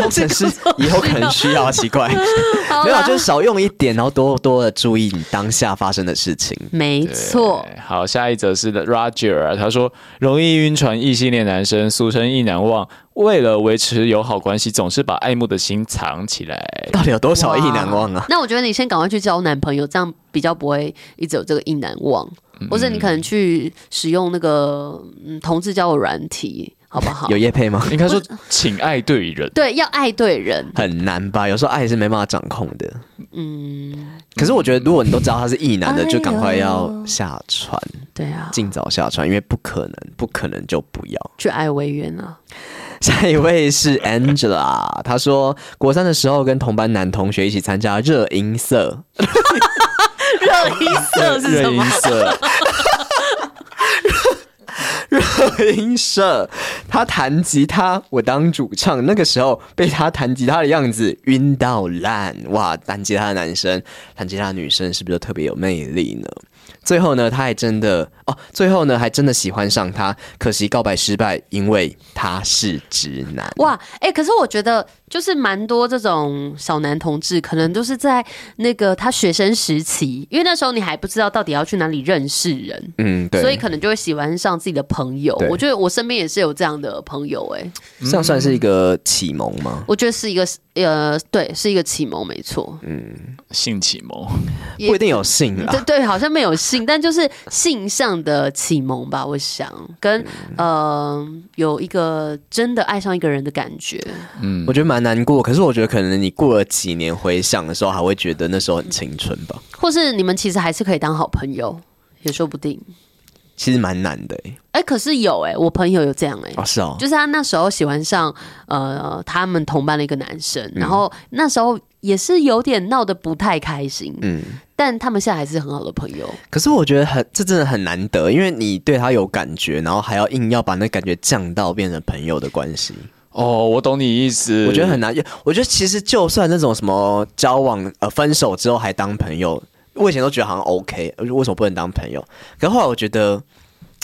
或者是以後可能需要，奇 怪，啊、 沒有，就是少用一點，然後多多的注意你當下發生的事情。沒錯。好，下一則是的 Roger 啊，他說容易暈船，異性戀男生俗稱“意難忘”，為了維持友好關係，總是把愛慕的心藏起來。到底有多少“意難忘啊”啊？那我覺得你先趕快去交男朋友，這樣比較不會一直有這個“意難忘、嗯”，或者你可能去使用那個嗯同志交友軟體。好不好？ 有業配嗎？應該說，請愛對人。對，要愛對人很難吧？有時候愛是沒辦法掌控的。嗯，可是我覺得，如果你都知道他是異男的， 哎、就趕快要下船。對啊，盡早下船，因為不可能，不可能就不要去愛威園啊。下一位是 Angela，她 說，國三的時候跟同班男同學一起參加熱音社，熱 音社是什麼？ 熱音社，他彈吉他，我當主唱。那個時候被他彈吉他的樣子暈到爛哇！彈吉他的男生，彈吉他的女生，是不是都特別有魅力呢？最後呢，他還真的哦，最後呢還真的喜歡上他，可惜告白失敗，因為他是直男。哇！哎、欸，可是我覺得就是蠻多這種小男同志，可能都是在那個他學生時期，因為那時候你還不知道到底要去哪裡認識人，嗯，對，所以可能就會喜歡上自己的朋友。我覺得我身邊也是有這樣的朋友、欸，哎、嗯，這樣算是一個啟蒙嗎？我覺得是一個呃，對，是一個啟蒙，沒錯，嗯，性啟蒙不一定有性啦，對，好像沒有。行，但就是性上的啟蒙吧，我想跟、嗯、呃有一個真的愛上一個人的感覺，嗯，我覺得蠻難過。可是我覺得可能你過了幾年回想的時候，還會覺得那時候很青春吧。或是你們其實還是可以當好朋友，也說不定。嗯其實蠻難的哎、欸欸，可是有誒、欸，我朋友有這樣誒、欸，哦，是哦，就是他那時候喜歡上呃他們同班的一個男生，嗯、然後那時候也是有點鬧得不太開心，嗯，但他們現在還是很好的朋友。可是我覺得很，這真的很難得，因為你對他有感覺，然後還要硬要把那感覺降到變成朋友的關係。哦，我懂你意思，我覺得很難，我覺得其實就算那種什麼交往呃分手之後還當朋友。我以前都覺得好像 OK，為什麼不能當朋友？可是後來我覺得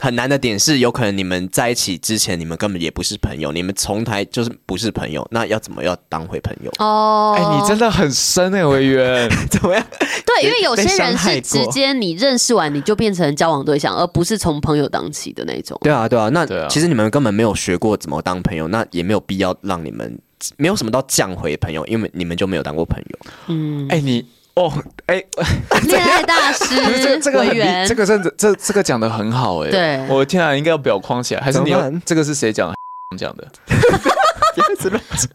很難的點是，有可能你們在一起之前，你們根本也不是朋友，你們從來就是不是朋友，那要怎麼要當回朋友？哦，哎，你真的很深哎、欸，我冤， 怎麼樣？對，因為有些人是直接你認識完你就變成交往對象， 而不是從朋友當起的那種。對啊，對啊，那其實你們根本沒有學過怎麼當朋友，那也沒有必要讓你們沒有什麼到降回朋友，因為你們就沒有當過朋友。嗯，哎、欸，你。哦，哎、欸，戀愛大師， 這個這個這個真的這這個講的很好哎、欸，對，我的天啊，應該要表框起來還是你這個是誰講的 講的？哈哈哈這樣子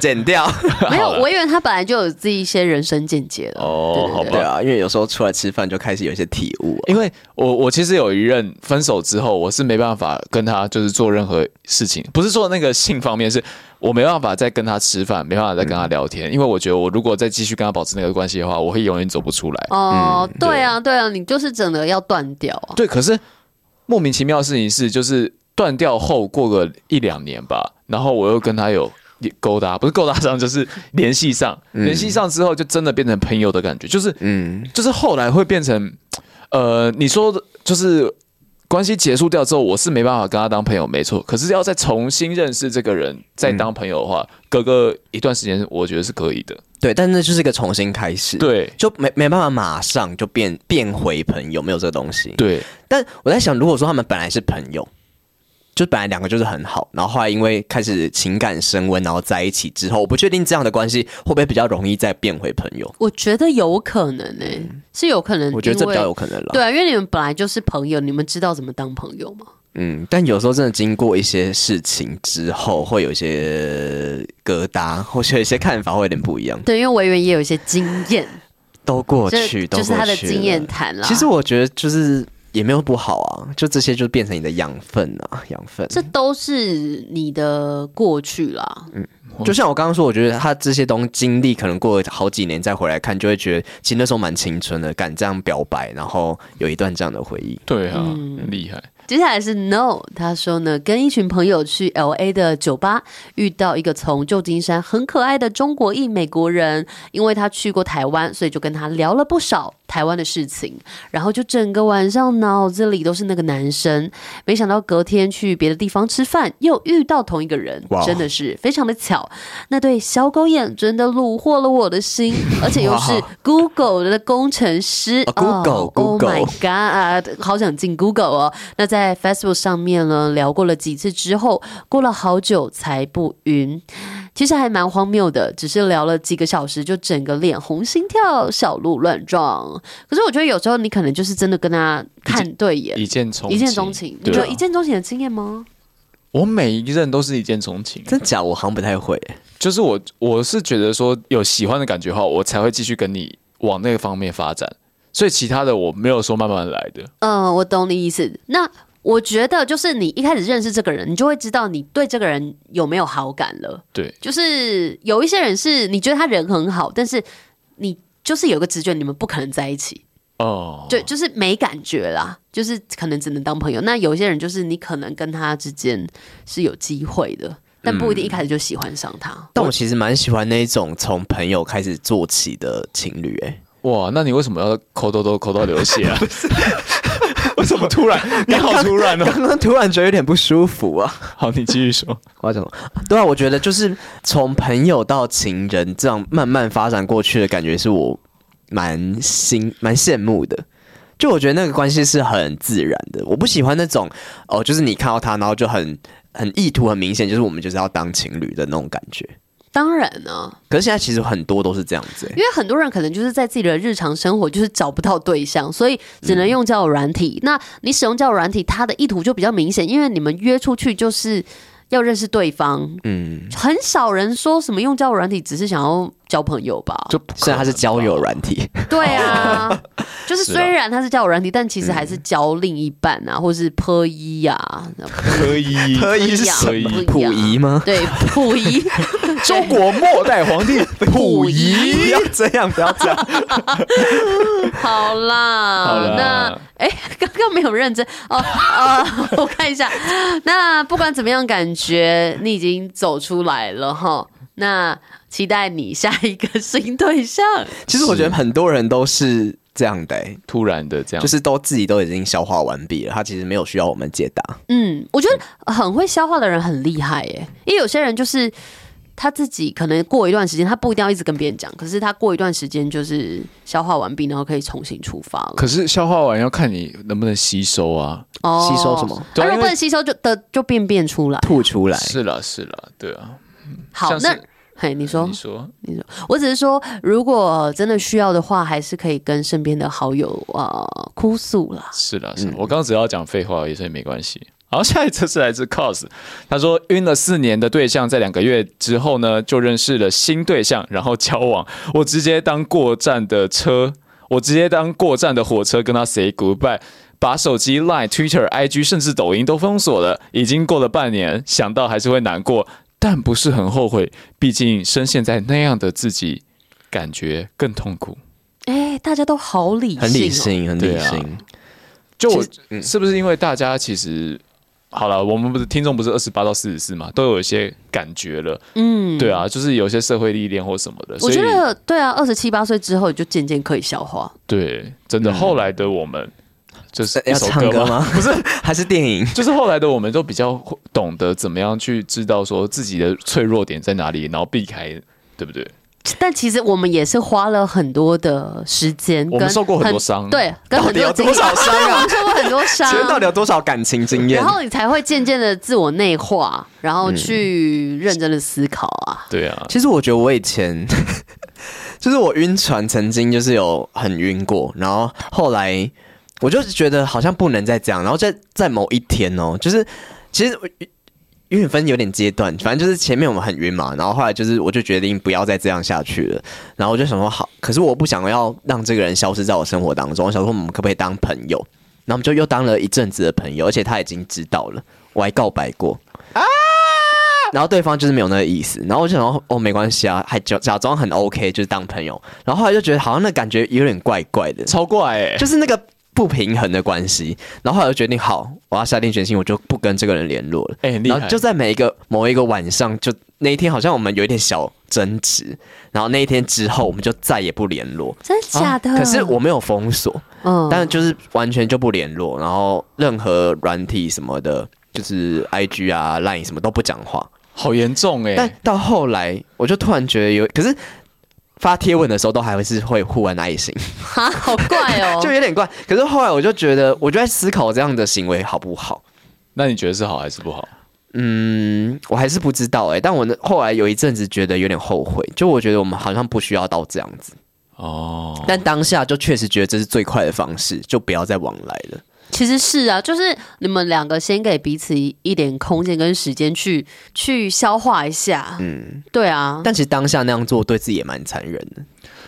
剪掉，沒有 我以為他本來就有自己一些人生見解了哦，對對對好對啊，因為有時候出來吃飯就開始有一些體悟、哦，因為我我其實有一任分手之後，我是沒辦法跟他就是做任何事情，不是做那個性方面是。我沒辦法再跟他吃飯，沒辦法再跟他聊天，嗯、因為我覺得我如果再繼續跟他保持那個關係的話，我會永遠走不出來。哦、嗯嗯，對啊，對啊，你就是整個要斷掉。啊。對，可是莫名其妙的事情是，就是斷掉後過個一兩年吧，然後我又跟他有勾搭，不是勾搭上，就是聯繫上，嗯，聯繫上之後就真的變成朋友的感覺，就是，嗯，就是後來會變成，呃，你說就是。關係結束掉之後，我是沒辦法跟他當朋友，沒錯。可是要再重新認識這個人，嗯、再當朋友的話，隔個一段時間，我覺得是可以的。對，但那就是一個重新開始，對，就沒沒辦法馬上就變變回朋友，沒有這個東西。對，但我在想，如果說他們本來是朋友，就本來兩個就是很好，然後後來因為開始情感升溫，然後在一起之後，我不確定這樣的關係會不會比較容易再變回朋友。我覺得有可能呢、欸。是有可能，我覺得這比較有可能啦。對啊，因為你們本來就是朋友，你們知道怎麼當朋友嗎？嗯，但有時候真的經過一些事情之後，會有一些疙瘩，或者有一些看法會有點不一樣。對，因為永遠也有一些經驗，都過去，都過去就是他的經驗談了。其實我覺得就是。也沒有不好啊，就這些就變成你的養分啊，養分。這都是你的過去啦，嗯。就像我剛剛說，我覺得他這些東西經歷，可能過好幾年再回來看，就會覺得其實那時候蠻青春的，敢這樣表白，然後有一段這樣的回憶。對啊，嗯、厲害。接下來是 No，他說呢，跟一群朋友去 L.A. 的酒吧，遇到一個從舊金山很可愛的中國裔美國人，因為他去過台灣，所以就跟他聊了不少台灣的事情，然後就整個晚上腦子裡都是那個男生。沒想到隔天去別的地方吃飯，又遇到同一個人，wow. 真的是非常的巧。那對小狗眼真的虜獲了我的心，而且又是 Google 的工程師，wow. oh, uh, Google，Google. Oh my God，好想進 Google 哦，那。在 festival 上面呢，聊過了幾次之後，過了好久才不暈，其實還蠻荒謬的。只是聊了幾個小時，就整個臉紅心跳，小鹿亂撞。可是我覺得有時候你可能就是真的跟他看對眼，一見一見鍾情。一見鍾情，你覺得有一見鍾情的經驗嗎？我每一任都是一見鍾情的，真假？我好像不太會。就是我我是覺得說有喜歡的感覺後，我才會繼續跟你往那個方面發展。所以其他的我沒有說慢慢來的。嗯，我懂你意思的。那我覺得就是你一開始認識這個人，你就會知道你對這個人有沒有好感了。對，就是有一些人是你覺得他人很好，但是你就是有個直覺，你們不可能在一起。哦，對，就是沒感覺啦，就是可能只能當朋友。那有一些人就是你可能跟他之間是有機會的，但不一定一開始就喜歡上他。嗯，但我其實蠻喜歡那種從朋友開始做起的情侶，欸，哎。哇，那你為什麼要摳痘痘摳到流血啊？ 不是笑為什麼突然？你好突然哦、喔！剛剛突然覺得有點不舒服啊。好，你繼續說，我要講什麼？對啊，我覺得就是從朋友到情人這樣慢慢發展過去的感覺，是我蠻心蠻羨慕的。就我覺得那個關係是很自然的。我不喜歡那種哦，就是你看到他，然後就很很意圖很明顯，就是我們就是要當情侶的那種感覺。當然呢、啊，可是現在其實很多都是這樣子、欸，因為很多人可能就是在自己的日常生活就是找不到對象，所以只能用交友軟體、嗯。那你使用交友軟體，它的意圖就比較明顯，因為你們約出去就是要認識對方。嗯，很少人說什麼用交友軟體只是想要交朋友吧？雖然它是交友軟體，對啊，啊，就是雖然它是交友軟體，但其實還是交另一半啊，嗯、或是砲友、e、啊，砲友砲友是砲友、啊、嗎？對，砲友。 中國末代皇帝溥 普儀， 不要這樣，不要這樣。 好啦， 好啦那，哎、 欸，剛剛沒有認真哦哦、啊，我看一下。那不管怎麼樣，感覺你已經走出來了齁。那期待你下一個新對象。其實我覺得很多人都是這樣的、欸，突然的這樣，就是都自己都已經消化完畢了。他其實沒有需要我們解答。嗯，我覺得很會消化的人很厲害耶、欸，因為有些人就是。他自己可能過一段時間，他不一定要一直跟別人講，可是他過一段時間就是消化完畢，然後可以重新出發了。可是消化完要看你能不能吸收啊，哦、吸收什麼對、啊？如果不能吸收就，就得，就便便出來、啊，吐出來。是了，是了，對啊。好，那嘿，你說。你說，你說，你說，我只是說，如果真的需要的話，還是可以跟身邊的好友啊、呃、哭訴啦。是了，是了、嗯，我剛剛只要講廢話而已，所以沒關係。然後下一次是來自 COS，他說暈了四年的對象，在兩個月之後呢，就認識了新對象，然後交往。我直接當過站的車，我直接當過站的火車跟他 say goodbye，把手機、line、Twitter、IG 甚至抖音都封鎖了。已經過了半年，想到還是會難過，但不是很後悔，畢竟深陷在那樣的自己，感覺更痛苦。哎、欸，大家都好理性、哦，很理性，很理性。啊、就是不是因為大家其實？好了，我們不是聽眾，不是二十八到四十四嘛，都有一些感覺了，嗯，對啊，就是有些社會歷練或什麼的。我覺得對啊，二十七八歲之後就漸漸可以消化。對，真的，後來的我們、嗯、就是一首歌嗎？要唱歌嗎？不是， 還是電影。就是後來的我們都比較懂得怎麼樣去知道說自己的脆弱點在哪裡，然後避開，對不對？但其實我們也是花了很多的時間，我們受過很多傷，對，到底有多少傷啊，受過很多傷， 其實到底有多少感情經驗？然後你才會漸漸的自我內化，然後去認真的思考啊。嗯、對啊，其實我覺得我以前就是我暈船，曾經就是有很暈過，然後後來我就覺得好像不能再這樣，然後在在某一天哦、喔，就是其實因為分有點階段，反正就是前面我們很暈嘛，然後後來就是我就決定不要再這樣下去了，然後我就想說好，可是我不想要讓這個人消失在我生活當中，我想說我們可不可以當朋友？然後我們就又當了一陣子的朋友，而且他已經知道了，我還告白過啊，然後對方就是沒有那個意思，然後我就想說哦，沒關係啊，還假假裝很 OK，就是當朋友，然後後來就覺得好像那感覺有點怪怪的，超怪哎、欸，就是那個。不平衡的關係，然後我就決定，好，我要下定決心，我就不跟這個人聯絡了。哎、欸，厲害！然後就在每一個某一個晚上，就那一天好像我們有一點小爭執，然後那一天之後，我們就再也不聯絡。真的假的、啊？可是我沒有封鎖，嗯，但就是完全就不聯絡，然後任何軟體什麼的，就是 I G 啊、Line 什麼都不講話，好嚴重哎、欸。但到後來，我就突然覺得有，可是。發貼文的時候都還會是會互玩愛心哈，好怪哦、喔， 就有點怪。可是後來我就覺得，我就在思考這樣的行為好不好？那你覺得是好還是不好？嗯，我還是不知道誒、欸。但我呢，後來有一陣子覺得有點後悔，就我覺得我們好像不需要到這樣子哦。但當下就確實覺得這是最快的方式，就不要再往來了。其實是啊，就是你們兩個先給彼此一點空間跟時間去去消化一下，嗯，對啊。但其實當下那樣做，對自己也蠻殘忍的。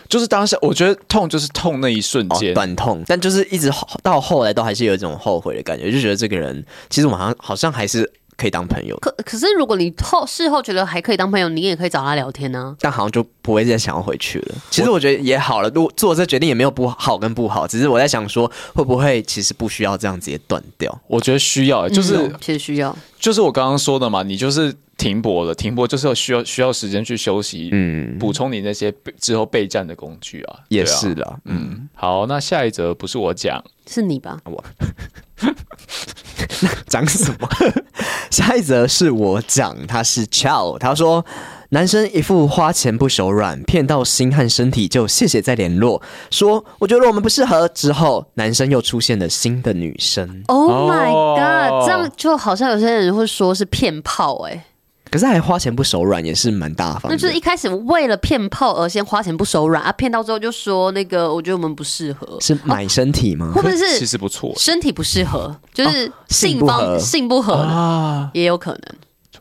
就是當下，我覺得痛就是痛那一瞬間，哦，短痛。但就是一直到後來，都還是有一種後悔的感覺，就覺得這個人其實我好像好像還是。可以當朋友，可可是如果你後事後覺得還可以當朋友，你也可以找他聊天呢、啊。但好像就不會再想要回去了。其實我覺得也好了，我做這決定也沒有不好跟不好，只是我在想說，會不會其實不需要這樣子也斷掉？我覺得需要、欸，就是、嗯、其實需要，就是我剛剛說的嘛，你就是停泊了，停泊就是要需要需要時間去休息，嗯，補充你那些之後備戰的工具啊，啊也是啦嗯，嗯。好，那下一則不是我講，是你吧？我。 講 什麼？ 下一則是我講，他是 child。他說，男生一副花錢不手軟，騙到心和身體就謝謝再聯絡。說我覺得我們不適合，之後男生又出現了新的女生。Oh my god！Oh. 這樣就好像有些人會說是騙炮哎、欸。可是還花錢不手軟，也是蠻大方的。那就是一開始為了騙炮而先花錢不手軟啊，騙到之後就說那個，我覺得我們不適合，是買身體嗎？哦、或者是其實不錯，身體不適合不、欸，就是性方、啊、性不合、啊、也有可能。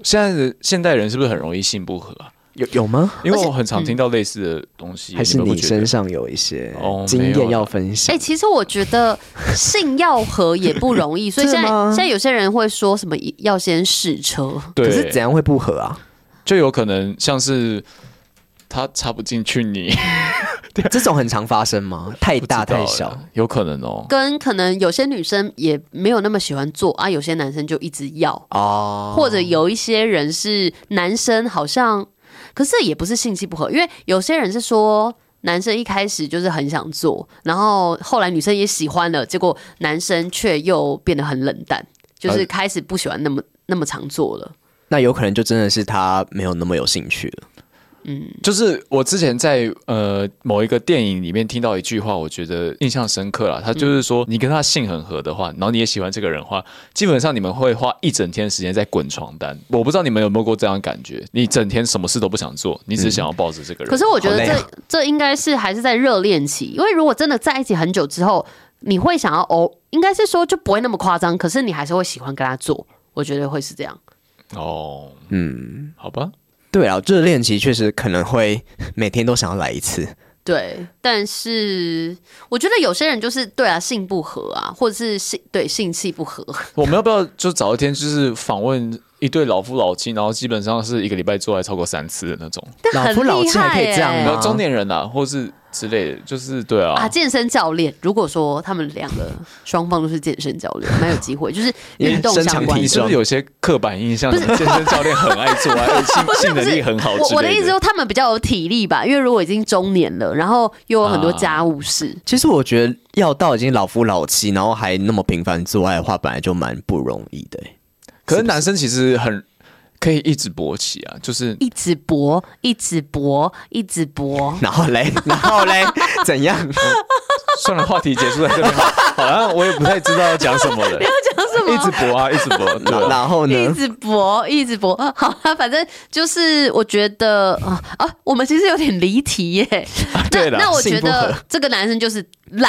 現在的現代人是不是很容易性不合、啊？有有嗎？因為我很常聽到類似的東西，嗯、有沒有，還是你身上有一些經驗要分享？哎、哦欸，其實我覺得性要合也不容易， 所以現在現在有些人會說什麼要先試車，可是怎樣會不合啊？就有可能像是他插不進去你， 這種很常發生嗎？太大太小有可能哦、喔。跟可能有些女生也沒有那麼喜歡做啊，有些男生就一直要啊，或者有一些人是男生好像。可是也不是性趣不合，因為有些人是說男生一開始就是很想做，然後後來女生也喜歡了，結果男生卻又變得很冷淡，就是開始不喜歡那麼、呃、那麼常做了。那有可能就真的是他沒有那麼有興趣了。嗯，就是我之前在呃某一個電影裡面聽到一句話，我覺得印象深刻啦。他就是說，你跟他性很合的話，然後你也喜歡這個人的話，基本上你們會花一整天時間在滾床單。我不知道你們有沒有過這樣感覺，你整天什麼事都不想做，你只想要抱着這個人、嗯。可是我覺得這這應該是還是在熱戀期，因為如果真的在一起很久之後，你會想要哦，應該是說就不會那麼誇張，可是你還是會喜歡跟他做。我覺得會是這樣。哦，嗯，好吧。對啊，熱戀期確實可能會每天都想要來一次。對，但是我覺得有些人就是對啊，性不合啊，或者是對性對性氣不合。我們要不要就找一天就是訪問？一對老夫老妻，然後基本上是一個禮拜做愛超過三次的那種。但很厲害欸、啊、老夫老妻還可以這樣的、中年人吶、啊，或是之類的，就是對啊。啊，健身教練，如果說他們兩個雙方都是健身教練，蠻 有機會，就是運動相關的。就是，是有些刻板印象，是健身教練很愛做愛， 性不是不是性能力很好。我的意思說，他們比較有體力吧？因為如果已經中年了，然後又有很多家務事。啊、其實我覺得，要到已經老夫老妻，然後還那麼頻繁做愛的話，本來就蠻不容易的、欸。是是，可是男生其實很可以一直勃起啊，就是一直勃，一直勃，一直勃，然後嘞，然後嘞， 怎樣？算、嗯、了，話題結束了。好了，我也不太知道要講什麼了。 要講什麼？一直勃啊，一直勃， 然後呢？一直勃，一直勃。好，反正就是我覺得啊啊，我們其實有點離題耶、欸啊。對了那，那我覺得這個男生就是爛。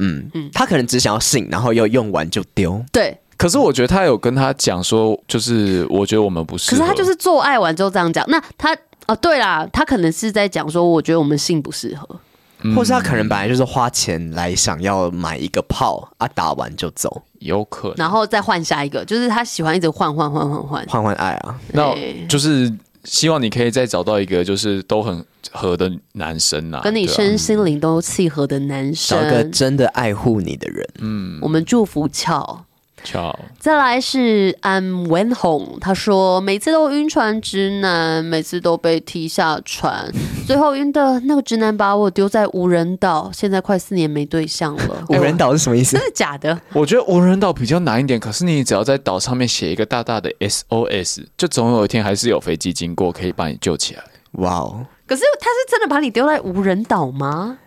嗯嗯，他可能只想要信，然後又用完就丟。對。可是我覺得他有跟他講說，就是我覺得我們不適合。可是他就是做愛完之後這樣講，那他哦、啊，對啦，他可能是在講說，我覺得我們性不適合、嗯，或是他可能本來就是花錢來想要買一個炮啊，打完就走，有可能，然後再換下一個，就是他喜歡一直換換換換換換換愛啊。那就是希望你可以再找到一個就是都很合的男生吶、啊，跟你身心靈都契合的男生，找一個真的愛護你的人。嗯，我們祝福俏。再來是 I'm went home。他說，每次都暈船，直男，每次都被踢下船，最後暈的那個直男把我丟在無人島，現在快四年沒對象了。無、 欸、人島是什麼意思？真的假的？我覺得無人島比較難一點，可是你只要在島上面寫一個大大的 SOS，就總有一天還是有飛機經過可以把你救起來。哇、wow、哦！可是他是真的把你丟在無人島嗎？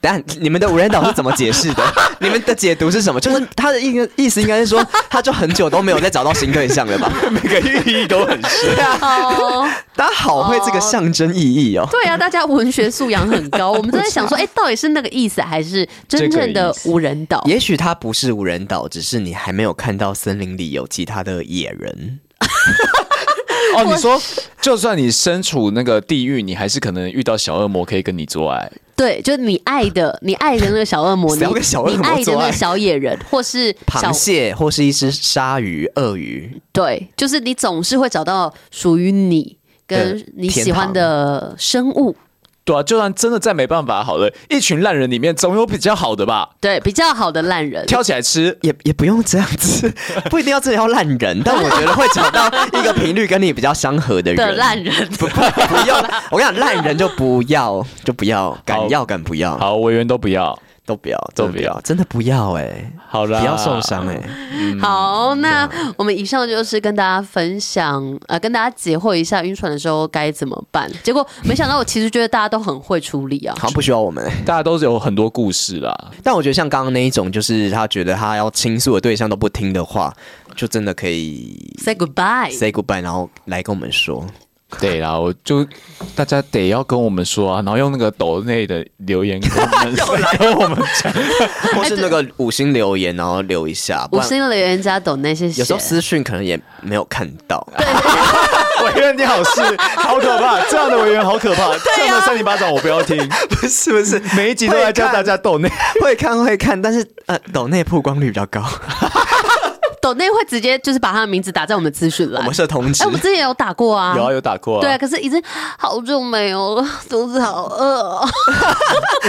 但你們的無人島是怎麼解釋的？ 你們的解讀是什麼？就是他的意意思應該是說，他就很久都沒有再找到新對象了吧？ 每個寓意都很深、 哦、 大家好會這個象徵意義哦,哦。對啊，大家文學素養很高。 我們都在想說，哎、欸，到底是那個意思，還是真正的無人島、這個？也許它不是無人島，只是你還沒有看到森林裡有其他的野人。 哦，你說，就算你身處那個地獄，你還是可能遇到小惡魔可以跟你做愛。對，就是你愛的，你愛的那個小惡魔， 小小魔，你愛的那個小野人，或是螃蟹，或是一隻鯊魚、鱷魚。對，就是你總是會找到屬於你跟你喜歡的生物。嗯對啊，就算真的再沒辦法好了，一群爛人裡面總有比較好的吧？對，比較好的爛人挑起來吃也也不用這樣子， 不一定要這樣要爛人， 但我覺得會找到一個頻率跟你比較相合的人。爛人 不不，不要， 我跟你講，爛 人就不要，就不要，敢要敢不要。好，委員都不要。都不要，不要，都不要，真的不要哎、欸！好了，不要受傷哎、欸嗯。好，那我們以上就是跟大家分享，呃，跟大家解惑一下暈船的時候該怎麼辦。結果沒想到，我其實覺得大家都很會處理啊。 好像不需要我們、欸，大家都是有很多故事啦， 但我覺得像剛剛那一種，就是他覺得他要傾訴的對象都不聽的話，就真的可以 say goodbye，say goodbye，然後來跟我們說。對啦，我就大家得要跟我們說啊，然後用那個抖內的留言跟我們說， 來來跟我們講， 或是那個五星留言，然後留一下五星留言加抖內，謝有時候私訊可能也沒有看到。委 員 你好是，是好可怕，這樣的委員好可怕， 這樣可怕 對啊， 這樣的三尼巴掌我不要聽。 不是不是，每一集都來教大家抖內， 會看會看，但是呃，抖內曝光率比較高。 我、哦、那會直接就是把他的名字打在我們的資訊欄，我們是同期哎，我們之前有打過啊，有啊，有打過，啊。對啊，可是已經好久沒有了，肚子好餓，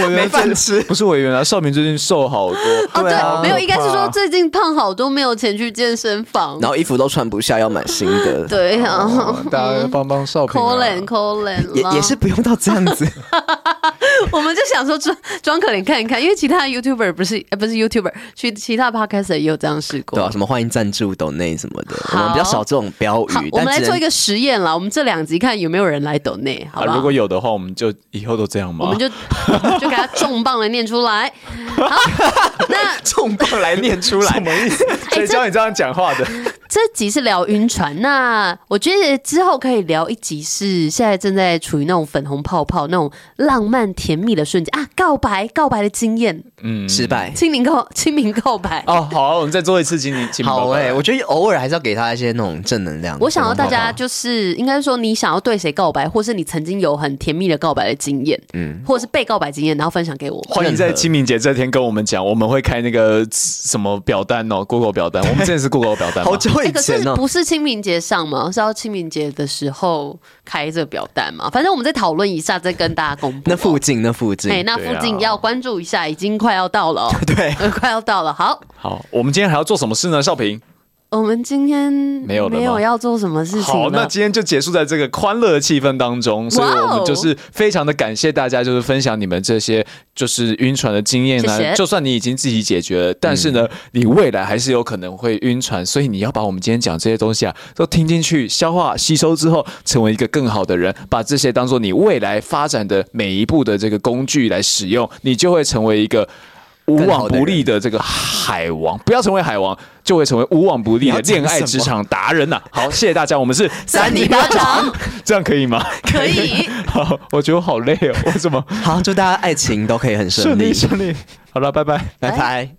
我沒飯有吃， 不是我原來少平最近瘦好多，啊、哦，對沒有，應該是說最近胖好多，沒有錢去健身房，然後衣服都穿不下，要買新的，對啊，哦、大家幫幫少平、啊，可憐可憐，也也是不用到這樣子， 我們就想說裝裝可憐看一看，因為其他的 YouTuber 不是、欸、不是 YouTuber，去其他 Podcast 也有這樣試過，對啊，什麼歡迎。贊助抖內什麼的，我們比較少這種標語。我們來做一個實驗啦，我們這兩集看有沒有人來抖內，好、啊、吧？如果有的話，我們就以後都這樣嘛。我們就我們就給他重磅的念出來。 好，那重磅來念出來什麼意思？誰、欸、教你這樣講話的？欸 這集是聊暈船，那我覺得之後可以聊一集是現在正在處於那種粉紅泡泡、那種浪漫甜蜜的瞬間啊，告白、告白的經驗，嗯，失敗，清明告清明告白哦，好啊，我們再做一次清明告白，好哎、欸，我覺得偶爾還是要給他一些那種正能量泡泡。我想要大家就是應該說你想要對誰告白，或是你曾經有很甜蜜的告白的經驗，嗯，或者是被告白經驗，然後分享給我。歡迎在清明節這天跟我們講，我們會開那個什麼表單哦，Google 表單，我們真的是 Google 表單，表單好久。這、欸、個是不是清明節上嗎？是要清明節的時候開這個表單嗎？反正我們再討論一下，再跟大家公布，喔。 那附近，那附近，哎，那附近要關注一下，已經快要到了，喔，對、啊， 對 快要到了。好，好，我們今天還要做什麼事呢？少平。我們今天沒有沒有要做什麼事情。好，那今天就結束在這個歡樂的氣氛當中，所以我們就是非常的感謝大家，就是分享你們這些就是暈船的經驗呢。就算你已經自己解決了，但是呢，你未來還是有可能會暈船，所以你要把我們今天講這些東西啊，都聽進去、消化、吸收之後，成為一個更好的人，把這些當做你未來發展的每一步的這個工具來使用，你就會成為一個。無往不利的這個海王，不要成為海王，就會成為無往不利的戀愛職場達人吶、啊！好，謝謝大家，我們是三尼巴掌， 這樣可以嗎？可以。 好，我覺得我好累哦，為什麼？ 好，祝大家愛情都可以很順利順利、利。好了，拜拜，拜拜。欸